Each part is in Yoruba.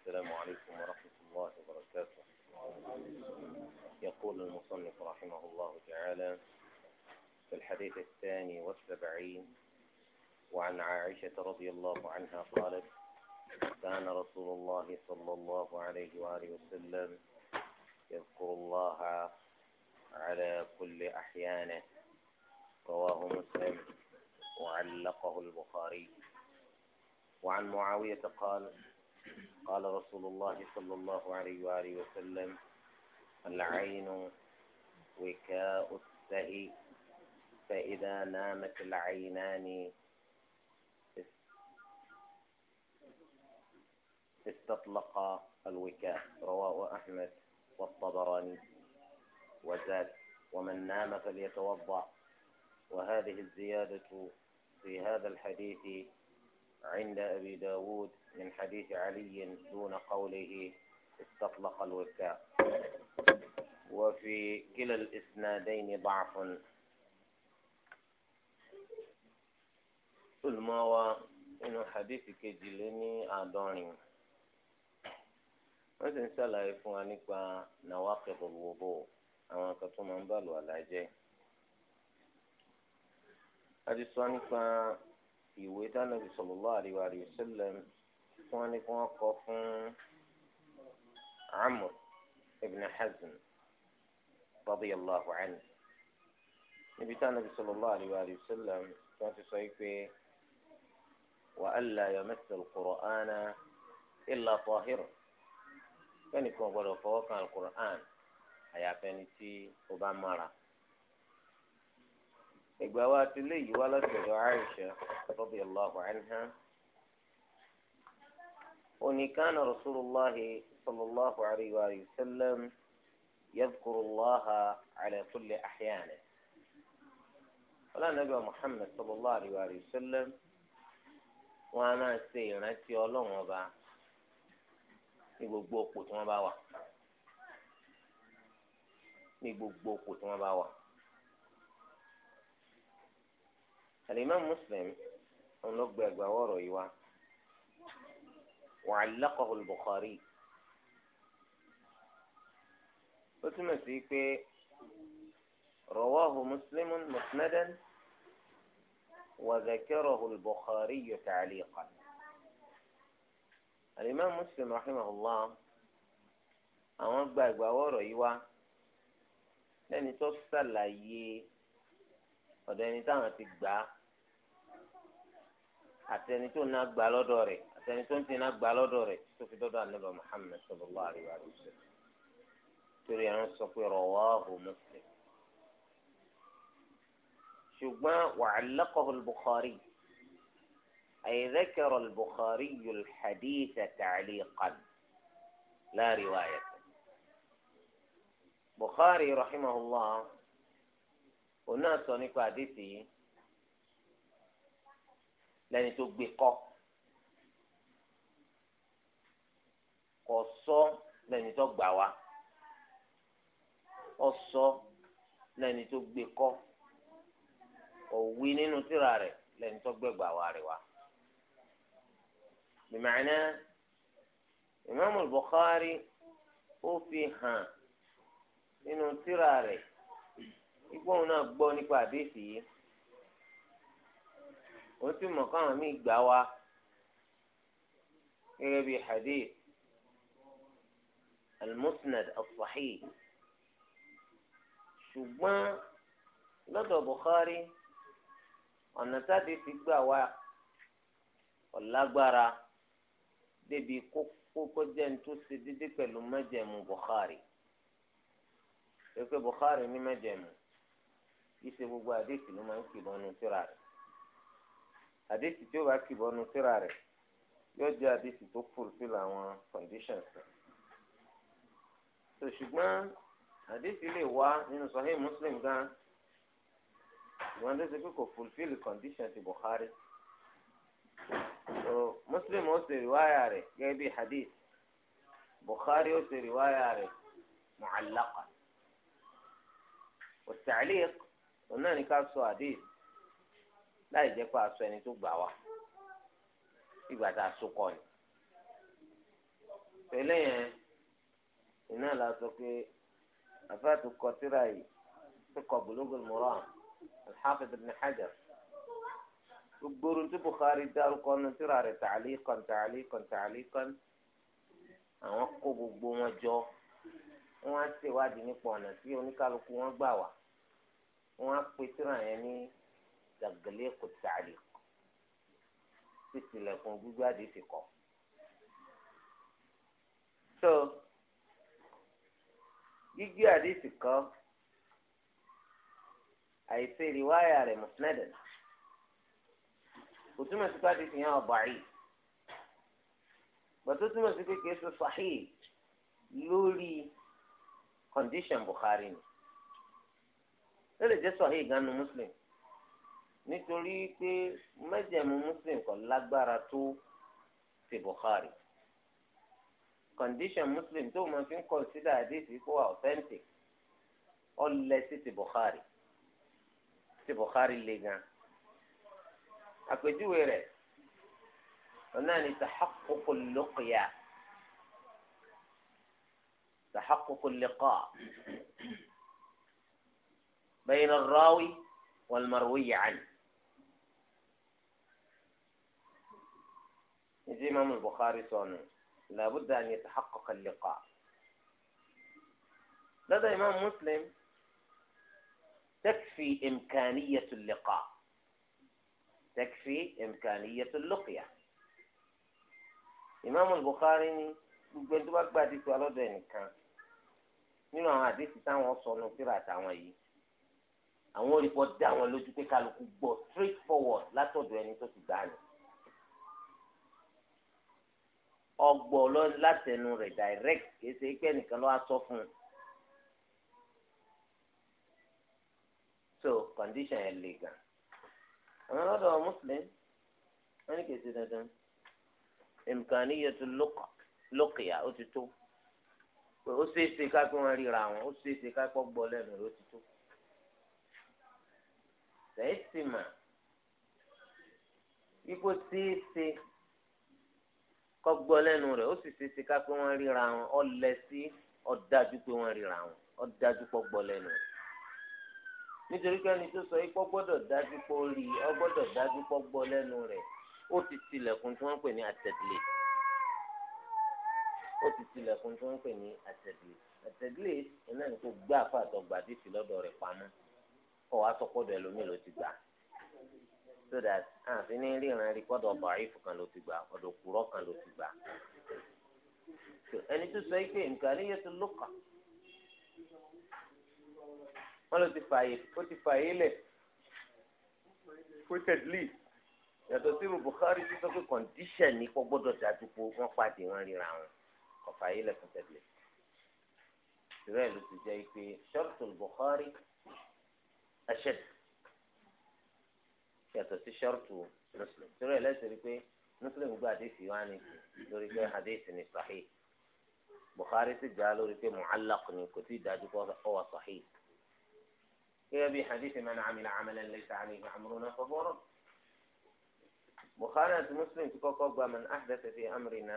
السلام عليكم ورحمة الله وبركاته يقول المصنف رحمه الله تعالى في الحديث الثاني والسبعين وعن عائشة رضي الله عنها قالت كان رسول الله صلى الله عليه وآله وسلم يذكر الله على كل أحيانه رواه مسلم وعلقه البخاري وعن معاوية قال قال رسول الله صلى الله عليه وآله وسلم العين وكاء السهي فإذا نامت العينان استطلق الوكاء رواه أحمد والطبراني وزاد ومن نام فليتوضأ وهذه الزيادة في هذا الحديث عند أبي داود من حديث علي دون قوله استطلق الوكاء وفي كلا الإسنادين ضعف هو إن حديث كجلني أدوني وإن شاء الله ṣàlàyé fún wa nípa nàwákìtò wòbò àwọn kan tó ìwé tánàbì sallallahu alaihi wa sallam wọn ni kí wọn kọ fún Amr ibn Hazm radiyallahu anhu níbi tánàbì sallallahu alaihi wa sallam wọn ti sọ yìí pé wa alla yamassa al-Qur'ana illa kí wọ́n gbọ́dọ̀ fọwọ́ kan al-Qur'an àyàfẹ́ni tí ó bá mara. إجابات لي ولد عائشة رضي الله عنها وني كان رسول الله صلى الله عليه وآله وسلم يذكر الله على كل أحيانه ولا نبي محمد صلى الله عليه وآله وسلم وانا سيرنا في الله وبا نيبو بوكو تما باوا نيبو بوكو تما باوا الإمام مسلم ونقبع جواره إيوا وعلقه البخاري قسم سيكي رواه مسلم مسندا وذكره البخاري تعليقا الإمام مسلم رحمه الله àwọn gba ìgbàwọ́ ọ̀rọ̀ yìí wá lẹ́ni tó ṣàlàyé ọ̀dọ̀ àtẹni tó na gbà lọ́dọ̀ rẹ̀ àtẹni tó ń ti na gbà lọ́dọ̀ rẹ̀ tó fi dọ́dọ̀ ànábì Muhammad sallallahu alaihi wa sallam torí ẹran sọ pé rawahu Muslim ṣùgbọ́n wa'allaqahu al-Bukhari ay dhakara al-Bukhari al-hadith ta'liqan la riwayata Bukhari rahimahullah òun náà sọ nípa àdìsí yìí. lẹ́ni tó gbé kọ́ kò sọ lẹ́ni tó gbà wá ó sọ lẹ́ni tó gbé kọ́ òwì nínú tírà rẹ̀ lẹ́ni tó gbẹ̀gbà wá rẹ̀ wá. bìmọ̀ọ́nà ìmáàmù Bukhari ó fi hàn nínú tírà rẹ̀ igbóhùn náà gbọ́ nípa àdéhìí yìí òun sì mọ̀ káwọn míì gbà wá gẹ́gẹ́ bíi hadith al-musnad as-sahih ṣùgbọ́n lọ́dọ̀ Bukhari ọ̀nà sáde ti gbà wá ọ̀lágbára débi kókó jẹ́ ní tó ṣe dídí pẹ̀lú mẹ́jẹ̀mú Bukhari pé Bukhari ní mẹ́jẹ̀mú kì í ṣe gbogbo àdéhùn ló máa ń kì bọ́nu síra rẹ̀ àdéhìí tí ó bá kì bọ́nu síra rẹ̀ yóò jẹ́ àdéhìí tó fulfil àwọn conditions rẹ̀. ṣùgbọ́n àdéhìí lè wá nínú Sahih Muslim gan ìwọ̀n tó ṣe pé kò fulfil condition ti Bukhari. so Muslim ó ṣe riwaya rẹ̀ gẹ́gẹ́ bí hadith Bukhari ó ṣe riwaya rẹ̀ mu'allaqa. والتعليق قلنا نكاسو حديث láì jẹ́ pé aṣọ ẹni tó gbà wá ìgbà tá a sokọ ni pẹ̀lẹ́ yẹn iná la sọ pé àfẹ́tù kọtíra yìí tó kọ Bulughul Maram al-Hafiz ibn Hajar gbogbo tí Bukhari dárúkọ nu tíra rẹ̀ ta'liqan ta'liqan ta'liqan àwọn kó gbogbo wọn jọ wọn á ṣèwádìí nípa ọ̀nà tí oníkálukú wọn gbà wá wọn pe tíra yẹn ní tagiliku tààlì títìlẹ̀kùn gbígbé àdìsí kọ. so gbígbé àdìsí kọ àìsí ìrìwáyà rẹ̀ mùsùlùmí kò túmọ̀ sí pé àdìsí yẹn ọ̀bọ̀ àyè gbàtó túmọ̀ sí pé kìí ṣe sàhíì lórí condition Bukhari ni ó lè jẹ́ sàhíì ganu muslim. nítorí pé mẹ́jẹ̀mú muslim kan lágbára tó ti bukhari condition muslim tó máa fi ń consider àdéhùn kó wà authentic ó lẹ sí ti bukhari ti bukhari le gan àpèjúwe rẹ̀ náà ni tahaqququ luqya tahaqququ liqa bayna ar-rawi wal-marwi 'anhu. ìdí imaamu Bukhari sọnù làbúdà ni taxaqaqa liqa lọ́dọ̀ imaamu Muslim takfi imkaaniyatu liqa takfi imkaaniyatu luqya imaamu Bukhari ni gbogbo ẹni tó bá gbàdí tó alọ́dọ̀ ẹnìkan nínú àwọn àdéhùn táwọn sọnù síra àtàwọn yìí àwọn olùkọ́ dá àwọn lójú pé kálukú gbọ́ straight forward látọ̀dọ̀ ẹni tó ti gbà ní. ọgbọ́ látẹnu rẹ̀ direct kìí ṣe pé nìkan ló wá sọ fún un. so condition yẹn le gan. àwọn ọlọ́dọ̀ muslim wọ́n ní kìí ṣe dandan imkaniyatul luqya ó ti tó ó ṣeé ṣe ká pé wọ́n ríra wọn ó ṣeé ṣe ká pọ́ gbọ́ lẹ́nu rẹ̀ ó ti tó. sẹ́yìn sì mà ipò ṣeé ṣe kọ́ gbọ́ lẹ́nu rẹ̀ ó sì ṣeéṣe ká pé wọ́n ríra wọn ọ lẹ sí ọ dájú pé wọ́n ríra wọn ọ dájú pọ́ gbọ́ lẹ́nu rẹ̀ nítorí pé ẹni tó sọ yìí pọ́ gbọ́dọ̀ dájú pọ́ rí ọ gbọ́dọ̀ dájú pọ́ gbọ́ lẹ́nu rẹ̀ ó ti tilẹ̀kùn tí wọ́n pè ní àtẹ̀dílé ó ti tilẹ̀kùn tí wọ́n pè ní àtẹ̀dílé àtẹ̀dílé iná ní kò gbá àfàtọ̀ gbàdí sí lọ́dọ̀ rẹ̀ pamọ́ ọ̀ wá sọ pọ́dọ̀ ẹlòmíì ló ti gbà á so that àfi ní ríran rí kọ́dọ̀ bàáìfù hmm. kan ló ti gbà ọ̀dọ̀ kúrọ́ kan ló ti gbà. ẹni tó sọ pé nǹkan ní yẹtù ló kà wọ́n ló ti fààyè ó ti fààyè lẹ̀ quoted yàtọ̀ sí Bukhari tó sọ pé condition ni, kó gbọ́dọ̀ dájú pé wọ́n pàdé wọn ríra wọn kò fààyè lẹ̀ quoted leave. ti jẹ́ pé ṣọ́ọ̀tù Bukhari ẹ̀ṣẹ̀dù. yàtọ̀ sí ṣọ́ọ̀tù mùsùlùmí torí ẹ̀ lẹ́sìn rí pé mùsùlùm gba àdéhìí wá ní lórí pé àdéhìí ní sàhí bukhari sì gbà lórí pé mu'allaq ni kò tẹ̀sí kó ọwọ́ sàhí. gẹ́gẹ́ bí àdéhìí man 'amila 'amalan laysa 'alayhi amruna fahuwa radd. bukhari àti musulumi ti kọ́kọ́ gba man ahdatha fi amrina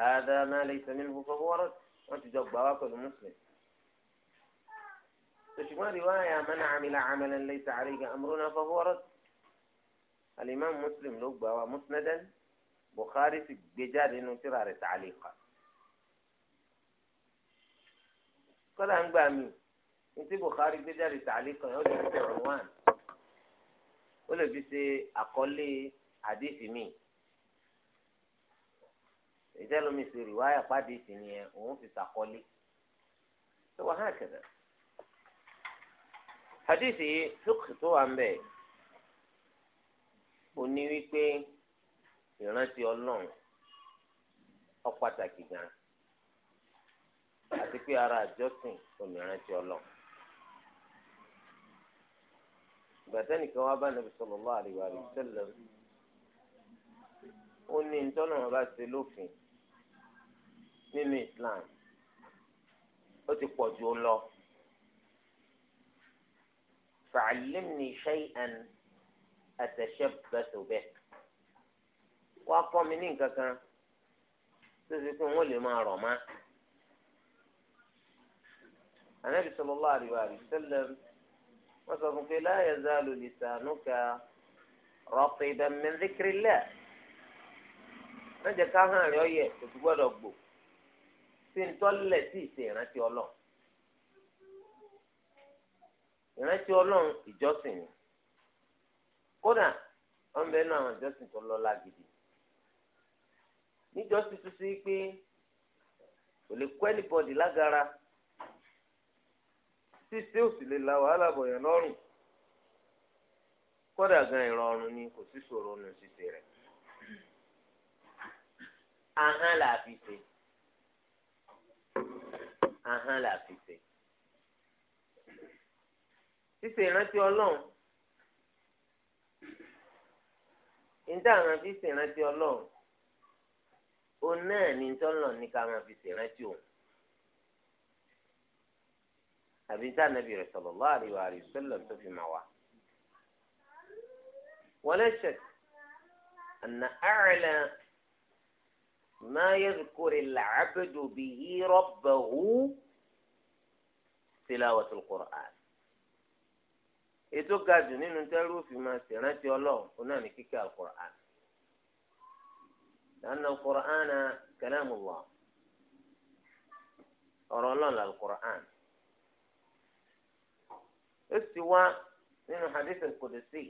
hadha ma laysa minhu fahuwa radd wọ́n ti jọ gbà wá pẹ̀lú musulumi تجمع رواية من عمل عملا ليس عليك أمرنا فهو رد الإمام مسلم لقبا ومسندا بخاري في بجار انترار تعليقا قال أن بامي انت بخاري بجار تعليقا يوجد في عنوان ولا بس أقول لي حديث مين إذا لم يصير رواية قادي سنية وهم في تقولي هكذا hadithi fúkì tó wà ń bẹ̀ ó ní wípé ìrántí ọlọ́run ó pàtàkì gan àti pé ara àjọsìn òmìrántí ọlọ́run. gbàtẹ́ nìkan wá bá nàbì sallallahu alaihi wa sallam ó ní ntọ́nà wọn bá ṣe lófin nínú Islam ó ti pọ̀ ju ó lọ fa'allimni shay'an atashabbathu bih wá kọ́ mi ní nǹkan kan tó ti pé wọ́n lè máa rọ̀ má. Ànábì sallallahu alaihi wa sallam wọ́n sọ fún pé la yazalu lisanuka ratiban min dhikrillah. Wọ́n jẹ́ ká hàn rí ọyẹ kò tún gbọ́dọ̀ gbò sí ntọ́lẹ̀ sí ìṣèrántí ọlọ́run. ìrántí ọlọ́run ìjọsìn ni kódà bẹ náà àwọn ìjọsìn tó gidi níjọsìn tó sí pé kò lè kọ́ ẹnìbọ̀dì lágara ṣíṣe ò sì lè la wàhálà bọ̀yàn lọ́rùn kódà gan ìrọ̀rùn ni kò sí ṣòro nù rẹ̀ ahán ṣíṣe ìrántí ọlọ́run níta àwọn fi ṣe ìrántí ọlọ́run òun náà ní tọ́lọ̀ ní ká máa fi ṣe ìrántí òun àbí níta nàbì rẹ̀ sallallahu alaihi wa sallam tó fi máa wà. ولا شك أن أعلى ما يذكر العبد به ربه تلاوة القرآن ètò ga jù nínú tẹ́rù fi máa ṣèrántí ọlọ́run ó náà ní kíkà alukur'an lánàá alukur'an kalamullah ọ̀rọ̀ ọlọ́run alukur'an ó sì wá nínú hadith al-qudsi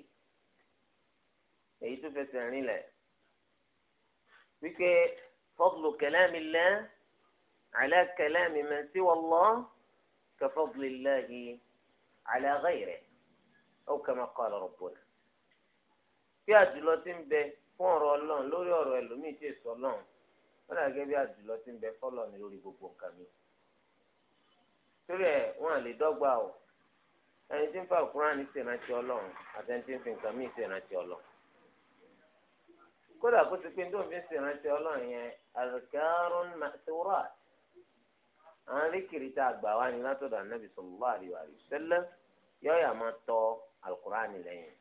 èyí tó fẹsẹ̀ rinlẹ̀ wípé fadlu kalamillah ala kalami man siwa Allah ka fadlillahi ala ghayrihi. أو كما قال ربنا bí àjùlọ ti ń bẹ fún ọ̀rọ̀ ọlọ́run lórí ọ̀rọ̀ ẹlòmíì tí èso ọlọ́run wọ́n dàgẹ́ bí àjùlọ ti ń bẹ fọ́lọ́run lórí gbogbo nǹkan mi. torí ẹ̀ wọ́n à lè dọ́gba o ẹni tí ń fa Kùránì ní ṣèrántí ọlọ́run àti ẹni tí ń fi nǹkan míì ṣèrántí ọlọ́run. kódà kó ti pé tóun fi ń ṣèrántí ọlọ́run yẹn àzùkárùn màṣúrà àwọn arékèrè tá a gbà wá ní látọ̀dọ̀ ànábì sallallahu alaihi wasallam yọ̀ọ̀yà máa tọ́ alukur'ani lẹ́yìn.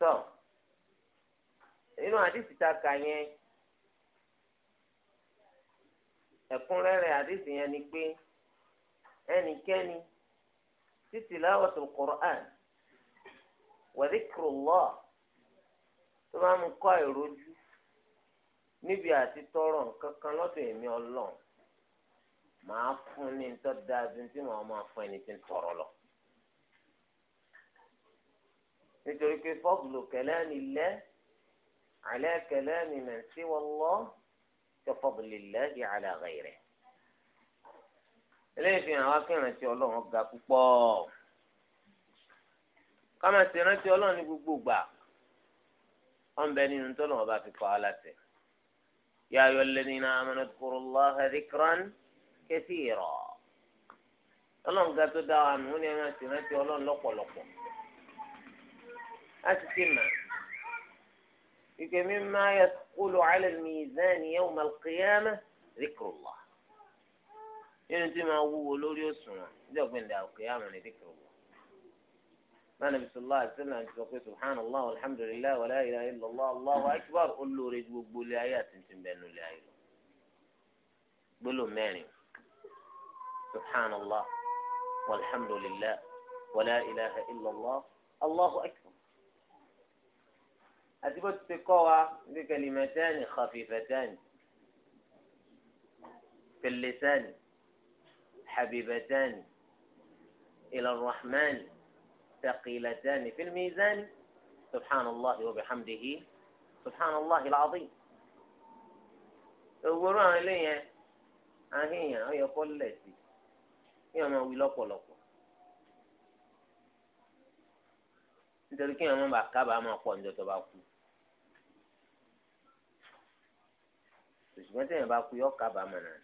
tọ nínú àdìsí tá a kà yẹn ẹ̀kúnrẹ́rẹ́ àdìsí yẹn ni pé ẹnikẹ́ni tí tilawatul Qur'an wa dhikrullah tó bá mú kọ́ ìrojú níbi àti tọrọ nǹkan lọ́dọ̀ èmi ọlọ́run màá fún ní tó dáa ju tí màá máa fún ẹni tí ń tọrọ lọ. nítorí pé fọ́ọ̀gùlù kalami Allah ala kalami man siwa Allah ka fadlillahi ala ghayrih. eléyìí fi hàn wá kí ìrántí ọlọ́run ga púpọ̀ ká máa ṣe ìrántí ọlọ́run ní gbogbo ìgbà ọ̀n bẹ nínú tọ́lọ́run bá fi kọ́ á láti. ya ayyuhal ladhina amanu dhkurullaha dhikran. kẹsìrọ Ọlọ́run ga tó dá wa nù ó ní ẹran sì rántí Ọlọ́run lọ́pọ̀lọpọ̀ a ti ti mà ike mímá yaqulu ala al-mizan yawm al-qiyamah dhikrullah nínú tí máa wúwo lórí òṣùwọ̀n ní ọ̀gbìn dà al-qiyamah ní dhikrullah mọ́nà bisalòlá àtìlá ti sọ pé subhanallah alhamdulilayi wàlá ilaha illallah allahu akbar olóore gbogbo lé ayé àti ti bẹ́ẹ̀ nulẹ̀ ayé lọ gbólóhùn mẹ́rin. سبحان الله والحمد لله ولا إله إلا الله الله أكبر أثبت التقوى بكلمتان خفيفتان في اللسان حبيبتان إلى الرحمن ثقيلتان في الميزان سبحان الله وبحمده سبحان الله العظيم يقولون àwọn أهي ahíyàn ọyọ kọ kí wọn máa wí lọ́pọ̀lọpọ̀ nítorí kí wọn máa bá kábàámọ̀ pọ̀ níjọ́ tó bá kú ṣùgbọ́n tẹ̀yìn bá kú yọ kábàámọ̀ náà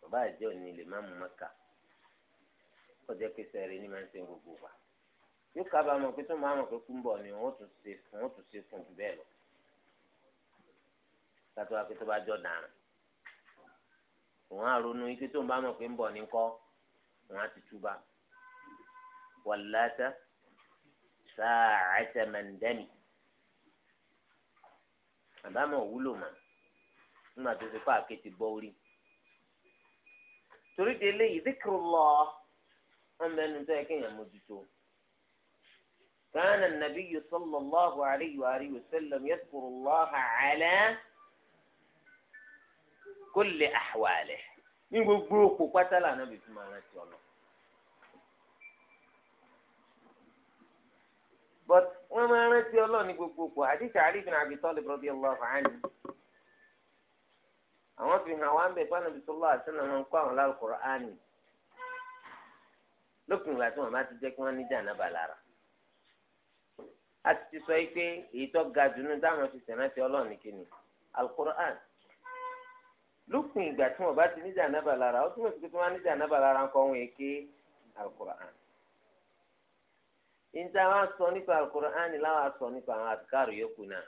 bàbá àjẹ́ òní lè má mú mọ́kà kọjá pé sẹ́ẹ̀rẹ́ ní máa ń sẹ́yìn gbogbo wa yóò kábàámọ̀ pé tó máa mọ̀ pé kú ń bọ̀ ni wọ́n tún ṣe fún wọ́n tún ṣe fún jù bẹ́ẹ̀ lọ kátó wa pé tó bá jọ dàrán òun á ike tó ń bá mọ̀ pé ń bọ̀ ní kọ́ wọn ti túbà wàlláta sáàcẹ́tẹ̀ mẹ́ndẹ́nì àbámọ̀ wúlò mọ́ nígbà tó ti pa àkétì bọ́ orí torí de eléyìí díkìrù lọ wọn bẹ ẹnu tó yẹ kéèyàn mójútó كان النبي صلى الله عليه وآله وسلم يذكر الله على كل أحواله ní gbogbo òpó pátá lànà bìí fún ara ti but wọ́n máa rántí ọlọ́run ní gbogbo òpó àdìsí àríkìn àbí tọ́lẹ̀ bọ́dí ọlọ́run àánì. àwọn fi hàn wá ń bẹ̀ fún àbí sọ́lá àti n'ụlọ máa kó àwọn lálùkọ̀rọ̀ ìgbà tí bá ti a ti sọ yìí pé èyí tó ga jù táwọn lópin ìgbà tí wọn bá ti níjà nábà lára ó túmọ̀ sí pé tí wọn á níjà nábà lára ń kọ́ wọn èké alukur'an níta wá sọ nípa alukur'an láwa sọ nípa àwọn àtikárò yòókù náà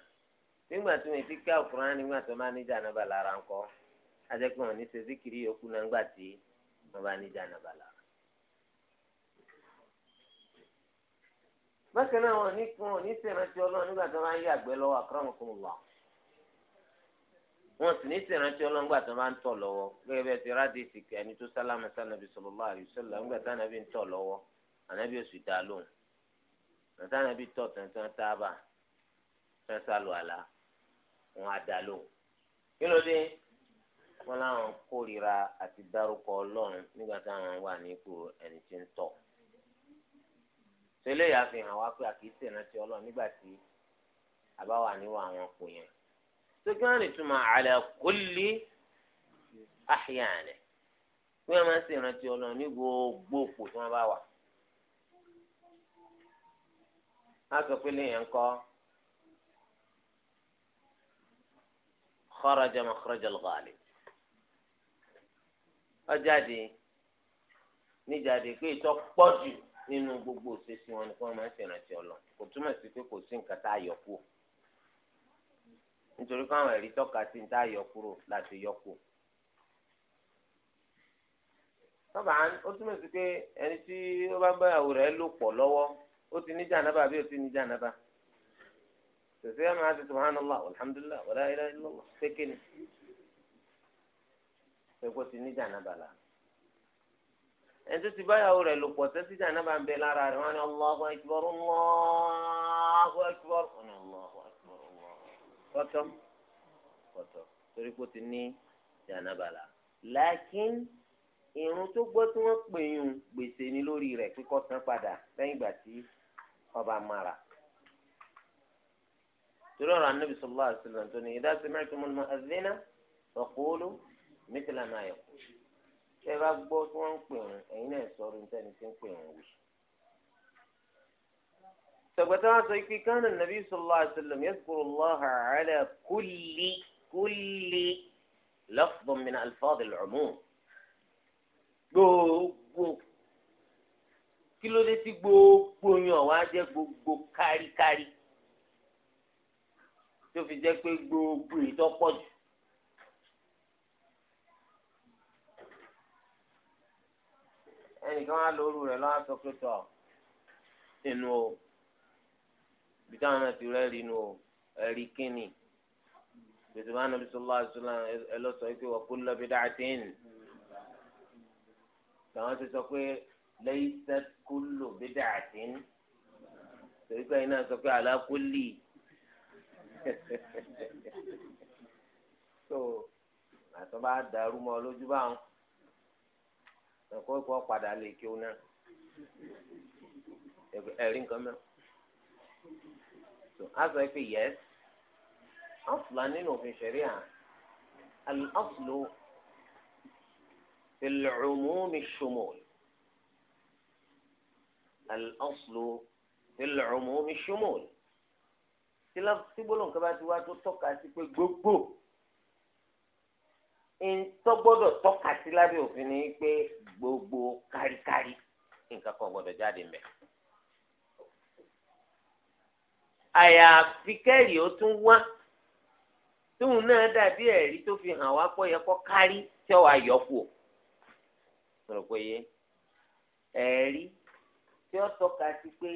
nígbà tí wọn ti ká alukur'an nígbà tí wọn bá níjà nábà lára ń kọ́ ajẹ́pẹ́ wọn ní ṣe zikiri yòókù náà ńgbà tí wọn bá níjà nábà lára. bákan náà wọn ní kí wọn ní sèrántí ọlọ́run nígbà tí wọn bá ń yàgbẹ́ lọ́wọ́ wọn sì ní ìsìnrántí ọlọ́ngbà tó máa ń tọ̀ lọ́wọ́ gẹ́gẹ́ bẹ́ẹ̀ ti rádìsì ẹni tó sálámà sànàbí sallallahu alaihi wasallam ńgbà sànàbí ń tọ̀ lọ́wọ́ ànábì oṣù dá lóhùn sànàbí tọ̀ tẹ̀sán tábà fẹ́ sálù àlá wọn á dá lóhùn. kí ló dé wọn láwọn kórìíra àti dárúkọ ọlọ́run nígbà táwọn wà nípò ẹni tí ń tọ̀. sẹ́lẹ̀ yà fi hàn wá pé àkíyèsí sẹgbẹ́rì túmọ̀ ala kulli ahyane wọ́n máa ń ṣèrántí ọlọ́run ní gbogbo òpó tí wọ́n bá wà. a sọ pé lèèyàn ń kọ́ kharaja makhraja al-ghalib ọjáde níjáde pé ìtọ́ pọ̀ jù nínú gbogbo òṣèṣì wọn ni wọ́n máa ń ṣèrántí ọlọ́run kò túmọ̀ sí pé kò sí nǹkan tá a yọ kú o nítorí pé àwọn ẹ̀rí tọ́ka sí ní tá a yọ kúrò láti yọ kù. tọ́ba ó túmọ̀ sí pé ẹni tí ó bá bá ìyàwó rẹ̀ lò pọ̀ lọ́wọ́ ó ti ní jàǹdàbà àbí ó ti ní jàǹdàbà. tòṣe ẹ̀ máa ti subhanallah alhamdulillah wala ilaha illallah pékè ni. pé kó ti ní jàǹdàbà là. ẹni tó ti bá ìyàwó rẹ̀ lò pọ̀ tẹ́sí jàǹdàbà ń bẹ lára rẹ̀ wọ́n ní Allahu akbar Allahu akbar kọ́tọ́ kọ́tọ́ torí kó ti ní jàǹdàbàlà lákìn irun tó gbọ́ tí wọ́n pè yùn gbèsè ni lórí rẹ̀ kíkọ́ san padà lẹ́yìn ìgbà tí ọba mara torí ọ̀rọ̀ anábì sallallahu alaihi wasallam tó ní idha sami'tumul mu'adhdhina faqulu mithla ma yaqulu tẹ́ bá gbọ́ tí wọ́n ń pè yùn ẹ̀yin náà sọ̀rọ̀ níta ni tí ń pè yùn wù. ثبتها في كان النبي صلى الله عليه وسلم يذكر الله على كل كل لفظ من ألفاظ العموم gbogbo kí ló dé tí gbogbo yan wá jẹ gbogbo káríkárí tó fi jẹ pé gbogbo ìtọ́pọ̀ jù. ẹnìkan á lóru rẹ̀ lọ́wọ́ sọ pé tọ̀ inú o. ibi táwọn náà ti rẹ́ẹ̀rí nu o ẹ̀rí kínni gbèsè máa nàbí sọlá àṣọlá ẹ lọ sọ pé wọ́n kó lọ́bí dáàtín ti sọ pé lẹ́yìnsẹ́ kó lọ́bí dáàtín torí pé iná sọ pé àlákólì so àtọ́ bá dàrú mọ́ lójú báwọn ẹ̀kọ́ ìkọ́ padà lè kí o náà ẹ̀rí nǹkan mẹ́rin so a sọ pé yes ọ̀fùlà nínú òfin ṣẹ̀ríà al-aslu fil-umumi shumul al-aslu fil-umumi shumul tí gbólóhùn kan bá ti wá tó tọ́ka sí pé gbogbo ntọ́gbọ́dọ̀ tọ́ka sí lábẹ́ òfin ni pé gbogbo káríkárí nǹkan kan gbọ́dọ̀ jáde mẹ́rin. àyàfi kẹ́rì ó tún wá tóun náà dàbí ẹ̀rí tó fi hàn wá pọ̀ yẹ kọ́ kárí tí ó wà yọ kù ó pé ẹ̀rí tí ó tọ́ka sí pé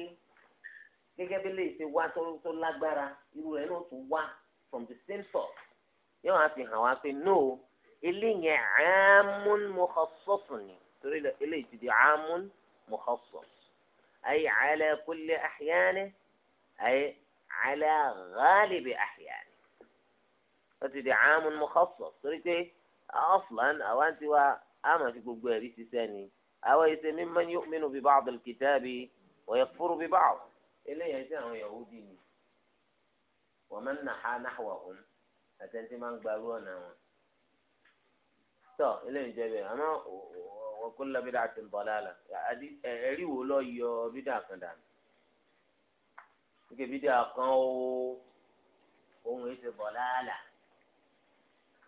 gẹ́gẹ́ bí lè ṣe wá tó lágbára irú rẹ̀ náà tún wá from the same source yóò wá fi hàn wá pé no eléyìí àmún mọ̀kọ́sọ́s ni torí eléyìí ti di àmún mọ̀kọ́sọ́s ayé ala kulli ahyane ayé ala ghalibi ahyani ó ti di àmú mukhassas torí pé aslan àwa ti wá àmà fi gbogbo ẹ̀rí ṣiṣẹ́ ni àwa yìí ṣe mimman yu'minu bi ba'd al-kitabi wa yakfuru bi ba'd eléyàá ṣe àwọn Yahudi ni wa man naha nahwahum àtẹ̀ntì máa ń gbarú ọ̀nà wọn. tọ́ eléyìí jẹ́ bẹ́ẹ̀ àmọ́ wa kullu bid'atin dalalah ẹ̀rí wo lọ yọ bídà kan dànù ike bídíà kan o ohun èyí ti bọ̀ láàlà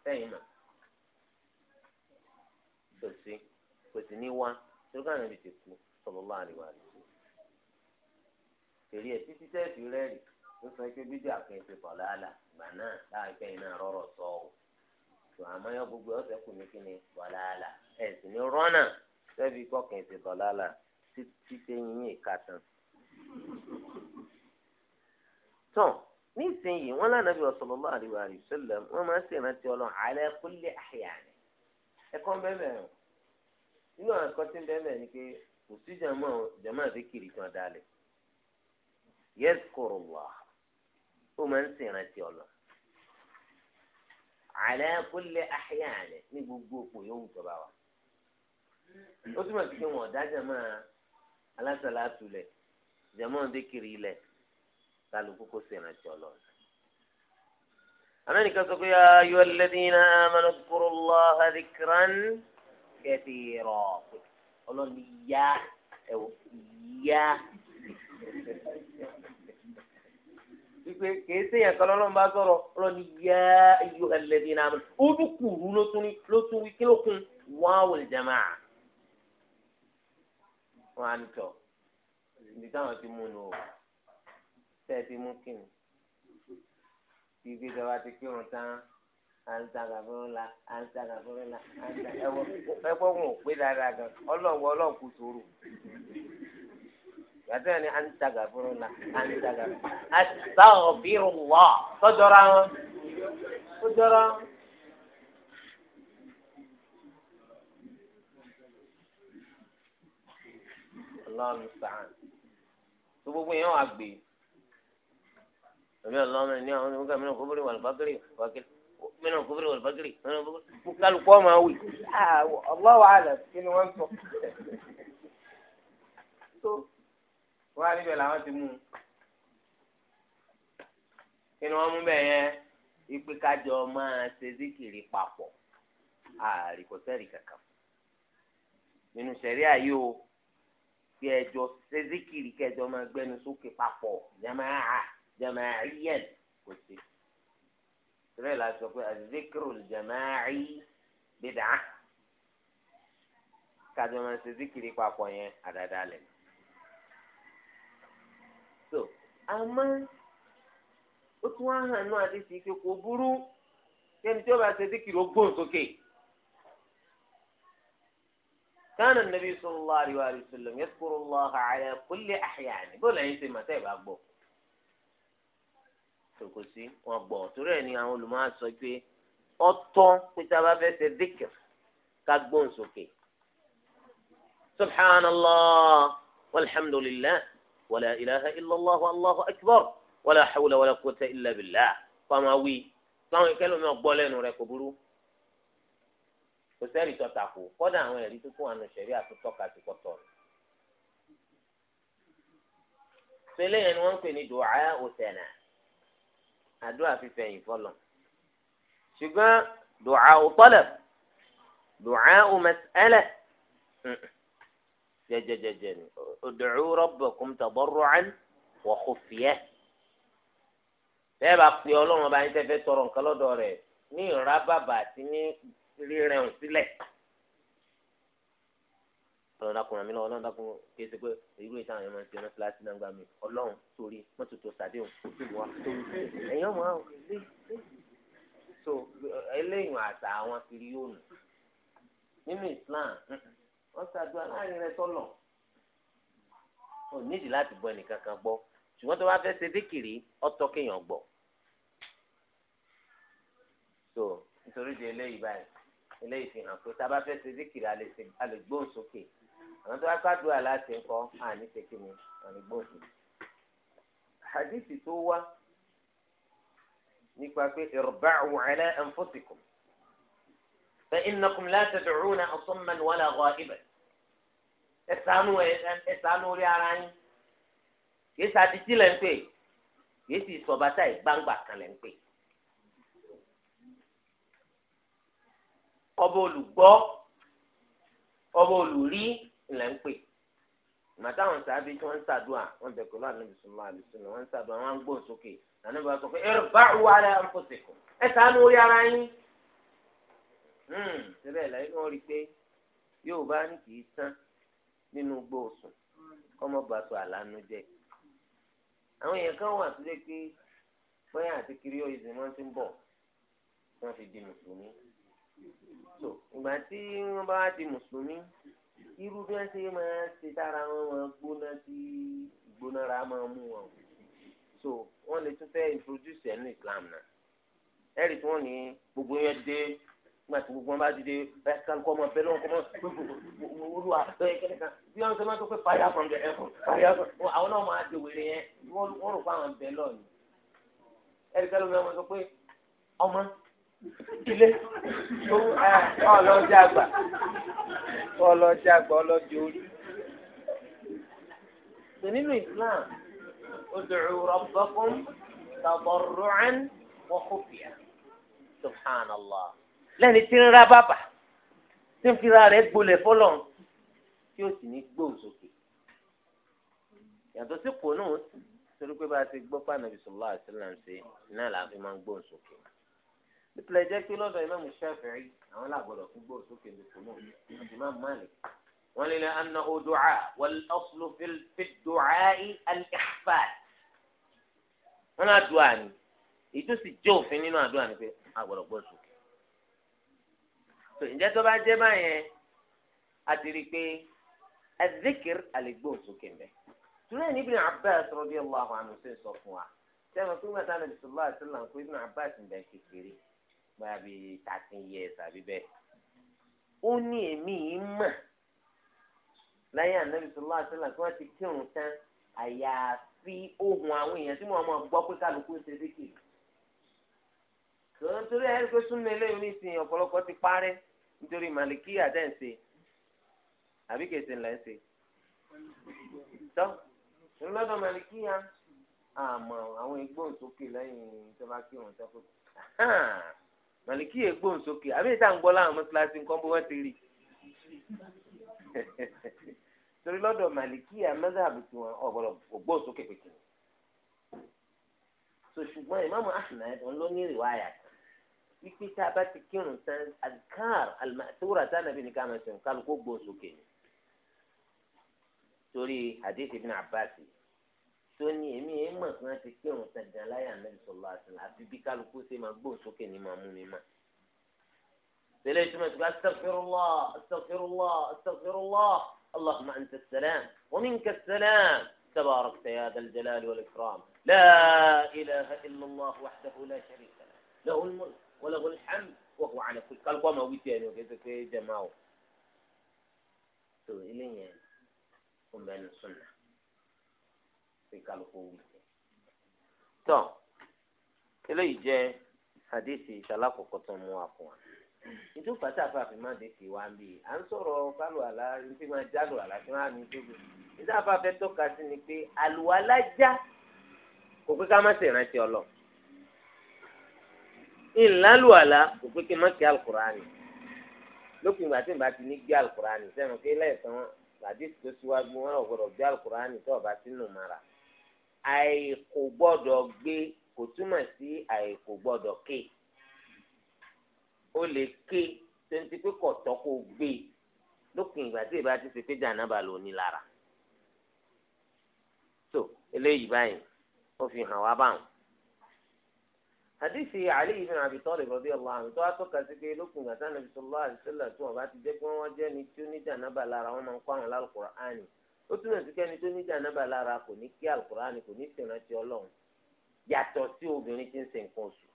sẹ́yìn mọ̀ kò sí kò sí ní wá torí káwọn ibi ti kú sallallahu alaihi wasallam tèrí ẹ títí tẹ́ẹ̀tì rẹ́ẹ̀rì ló sọ pé bídíà kan ti bọ̀ láàlà ìgbà náà láàgbẹ́ iná rọ̀rọ̀ sọ ọ́ tó àmọ́ yọ gbogbo ọ̀sẹ̀ kù ní kíni bọ̀láàlà ẹ̀ sì ní rọ́nà sẹ́bi kọ́kàn ti bọ̀láàlà títí tẹ́yìn yìí kàtàn tán nísìnyí wọn lànà bí sallallahu alaihi wa sallam wọn máa ń ṣèrántí Ọlọ́run ala kulli ahyani ẹ̀kọ́ bẹ́ẹ̀ nínú ẹ̀kọ́ tí ń bẹ́ẹ̀ ni pé kò sí jama jama zikiri kan dalẹ̀ yazkurullah ó máa ń ṣèrántí Ọlọ́run ala kulli ahyani ní gbogbo òpò yòówù tó bá wà ó túmọ̀ sí pé wọn ọ̀dá jama alásàlátù lẹ̀ jama zikiri lẹ̀ kálukú kó sì rántí ọlọ́run. amẹ́ríkà sọ pé ayọ́ alladhina amanu dhkurullaha dhikran kathira ọlọ́run ìyá ẹ̀wọ̀ ìyá. wípé kìí séèyàn kan lọ́lọ́run bá sọ̀rọ̀ ọlọ́run ìyá ayọ́ alladhina amanu olùkùrú ló tún wí kí ló kún wawul jamaa wọn á ń tọ̀ ibi táwọn ti mú un nù o. tẹ́ẹ̀bí mú kìnnì ibi ìjọba ti kí wọn tán à ń ta gàfúrúnla à ń ta à ń ẹwọ wọn ò pé dáadáa gan ọlọ́wọ́ gbàtẹ́ ni à ń à ń tọ́jọ́ra wọn tọ́jọ́ra tó gbogbo yẹn wà ẹ̀mí ọlọ́mọ ní àwọn ọmọ mìíràn kúbúrú wà lùbákìrì wákìrì mìíràn kúbúrú wà lùbákìrì mìíràn kúbúrú kálukọ́ máa wì. ọlọ́wọ́ àlẹ́ kí ni wọ́n sọ. wọ́n á níbẹ̀ làwọn ti mú un. kí ni wọ́n mú bẹ́ẹ̀ yẹn ipe kájọ máa ṣe zikiri papọ̀ ààrẹ kankan nínú sẹ̀rí ayé o kí ẹjọ́ ṣe zikiri kẹjọ máa gbẹnu sókè papọ̀ yàmáà jamaaciyan kò sí tẹ́lẹ̀ la sọ pé azikru jamaaci bidca kájọ máa ṣe zikiri papọ̀ yẹn àdáadáa lẹ̀ so àmọ́ ó tún wá hàn ní àdìsí pé kò burú kẹ́ni tí ó bá ṣe zikiri ó gbóhùn sókè. كان النبي صلى الله عليه وسلم يذكر الله على كل أحيانه بولا يسمى تيبا أبوه kò sí wọn gbọ́ torí ẹ̀ ni àwọn olùmọ̀ sọ pé ọtọ́ pété a bá fẹ́ ṣe dhikr ká gbóhùn sókè subhanallah walhamdulillah wala ilaha illallah allahu akbar wala hawla wala quwwata illa billah fama wi fáwọn ìkẹlẹ mi gbọ́ lẹ́nu rẹ̀ kò burú kò sẹ́rì tọ́ta kù kọ́dà àwọn ẹ̀rí tuntun àna ṣẹ̀rí àtúntọ́ka ti kọ́tọ̀ rẹ̀. sẹ́lẹ̀ yẹn ni wọ́n ń pè ní du'a òsèlè àdúrà fífẹ̀yìn fọlọ̀ ṣùgbọ́n dùcà òtọ́lẹ̀ dùcà òmẹsẹ̀lẹ̀ jẹjẹjẹjẹ ni ud'u rabbakum tadarru'an wa khufyah bẹ́ẹ̀ bá pe ọlọ́run ọba yín tẹ́fẹ́ tọrọ nǹkan lọ́dọ̀ rẹ̀ ní ìrábàbà àti ní rírẹ̀hùn sílẹ̀ ọlọ́run dákun mi náà ọlọ́run dákun kí ẹsẹ̀ pé irú ìta àwọn ẹ̀mọ́n ti ọ̀nà kíláàsì náà gbà mí ọlọ́run sórí mọ́tò tó sàdéhùn tó wà ẹ̀yìn ọmọ àwọn so eléyìn àtà àwọn kiri yóò nù nínú Islam wọ́n ṣàdúrà láàrin rẹ sọ́nà ò nídìí láti bọ ẹnìkan kan gbọ́ ṣùgbọ́n tó bá fẹ́ ṣe dékìrì ọ̀tọ̀ kéèyàn gbọ́ so nítorí di eléyìí báyìí eléyìí fi hàn pé tábà fẹ́ ṣe díkìrì a lè gbóhùn sókè àwọn tó bá gbàdúrà láti ń kọ́ àní ṣe kí ni àní gbóhùn sókè. hadithi tó wá nípa pé irba'u ala anfusikum fa innakum la tad'una asamman wala gha'iban ẹ ṣàánú ẹ ṣàánú orí ara yín kì sàdìtì lẹ́ ń pè kì sì sọ̀bátà ìgbàǹgbà kan lẹ́ ń pè. ọba olùgbọ́ ọba olùrí ilẹ̀ ń pè màtá àwọn sábẹ́ tí wọ́n ń ṣàdúrà wọ́n bẹ̀ pẹ̀lú ànábì sọ̀rọ̀ àlùsọ̀nà wọ́n ń ṣàdúrà wọ́n ń gbóhùn sókè ànábì wa sọ pé ẹ̀rọ bá wà á ń fòsè kù ẹ̀ sànú orí ara yín. Hmm, síbẹ̀ lẹ́yìn wọ́n rí i pé yóò bá ní kì í tán nínú gbóòsùn kọ́mọ bàtò àlánú jẹ́. àwọn èèyàn kan wà sílẹ̀ pé bóyá àti kiri oyin ni wọ́n ti ń bọ̀ wọ́n fi di mùsùlùmí so ìgbà tí wọ́n bá di mùsùlùmí irú bí wọ́n ṣe máa ṣe dára wọn máa gbóná sí ìgbóná ra máa mú wọn so wọ́n lè tún fẹ́ introduce ẹ̀ ní Islam náà ẹ̀rì tí wọ́n ní gbogbo yẹn dé nígbà tí gbogbo wọn bá dìde ẹ kálukọ ọmọ bẹ́ẹ̀ lọ́wọ́ kọ́mọ gbogbo olúwa ẹ kẹ́lẹ́ kan bí wọ́n ṣe máa tó pé fire from the heaven fire from àwọn náà máa dè wèrè yẹn wọ́n rò pé àwọn bẹ́ẹ̀ lọ́ọ̀ ni ẹ̀rì kálukọ ọmọ sọ pé ọmọ ilé ọlọ́jà àgbà ọlọ́jà àgbà ọlọ́jà orí. nínú Islam ud'u rabbakum tadarru'an wa khufya subhanallah lẹ́ni tí ń ra bàbà tí ń fira rẹ̀ gbolẹ̀ fọlọ́ tí ó sì ní gbóhùn sókè yàtọ̀ sí kò náà torí pé bá a ti gbọ́ pàànàbì sallallahu alaihi wasallam ṣe náà làá fi máa ń gbóhùn nípìnlẹ̀ jẹ́ pé lọ́dọ̀ imáàmù Ṣáfi'í àwọn làgbọ̀dọ̀ fún gbòòrò sókè ní kùnú àti imáàmù Malik wọ́n lè ní annahu du'a wal aslu fi du'a'i al-ikhfat wọ́n náà dùn àní ìtú sì jẹ́ òfin nínú àdúrà ni pé àgbọ̀dọ̀ gbọ́ sókè. tó ǹjẹ́ tó bá jẹ́ báyẹn a ti rí i pé azikir àlègbò sókè ń bẹ. túnẹ̀ níbi Abbas radiyallahu anhu ṣe sọ fún wa sẹ́wọ̀n pé wọ́n bóyá bíi thirteen years àbí bẹ́ẹ̀ ó ní èmi yìí mọ̀ láyé ànábì sọlá àṣẹlá kí wọ́n ti kírun tán àyàfi ohun àwọn èèyàn tí wọ́n máa gbọ́ pé kálukú ṣe dékìlì tòun torí ẹni pé súnmọ́ eléyìí nísìnyí ọ̀pọ̀lọpọ̀ ti parẹ́ nítorí màlìkí àdẹ́ǹsè àbí kèsì ńlá ẹ̀sè tọ́ ńlọ́dọ̀ màlìkí ya àmọ́ àwọn igbó òsókè lẹ́yìn tó kírun tó kù màlìkí yẹ gbóhùn sókè àbí ìta ń gbọ́ láwọn mọ́sálásí nǹkan bó wọ́n ti rí torí lọ́dọ̀ màlìkí amẹ́sàbù tí wọ́n ọ̀gbọ́dọ̀ gbóhùn sókè pẹ̀tù so ṣùgbọ́n ìmáàmù Ahmad wọn ló ní ìrìwáyà wípé tá a bá ti kírun tán adkar almatura tá a nàbí ní ká máa sọ̀rọ̀ kálukó gbóhùn sókè torí hadith ibn Abbas yìí. tó èmi yẹn mọ̀ kí wọ́n ti pé òun tẹ̀gàn láyà nàbì sọ̀lá àtìlá àfi bí kálukú ṣe máa gbóhùn sókè ní máa mú mi mọ̀. tẹ́lẹ̀ tí mo ti gba astaghfirullah astaghfirullah astaghfirullah allahumma anta as-salam wa minka as-salam tabarakta ya dhal jalali wal ikram la ilaha illallah wahdahu la sharika lah lahu al-mulk wa lahu al-hamd wa huwa ala kulli kálukú àmọ́ wí tiẹ̀ ní o kì í ṣe pé jẹ máa o. tó ilé yẹn kò mẹ́nu sunnah. pé kálukú wù mí. tọ́ eléyìí jẹ́ àdéhìí ìṣàlákòókò tó ń mú wa fún wa nítorí pàtàkì àfààfin máa de ti wá ń bí à ń sọ̀rọ̀ fálùwàlá nítorí máa já lùwàlá tí wọ́n á ní tóbi nítorí àfààfẹ́ tọ́ka sí ni pé àlùwàlá já kò pé ká má sì rántí ọlọ ìlàlùwàlá kò pé kí n má kí alukurani lópin ìgbà tí n bá ti ní gbé alukurani sẹ́nu pé lẹ́ẹ̀kan àdéhìí tó síwájú wọn ò gbọdọ̀ gbé alukurani tó ọba sínú mara àìkò gbọ́dọ̀ gbé kò túmọ̀ sí àìkò gbọ́dọ̀ ké o lè ké tẹ́ntí pé kọ̀tọ́ kò gbé lópin ìgbà tí ìbá ti ṣe pé jàǹdàbà ló ní lára tó eléyìí báyìí ó fi hàn wá báwọn. hadisi Ali ibn Abi Talib radiyallahu anhu tó wá tọ́ka sí pé lópin ìgbà tí Ànábì sallallahu alaihi wasallam tí wọ́n bá ti jẹ́ pé wọ́n jẹ́ ni tí ó ní jàǹdàbà lára wọ́n máa ń kọ́ àwọn ó túmọ̀ sí kẹ́ni tó ní jànábà lára kò ní kí alukur'an kò ní ṣèrántí ọlọ́run yàtọ̀ sí obìnrin tí ń ṣe nǹkan oṣù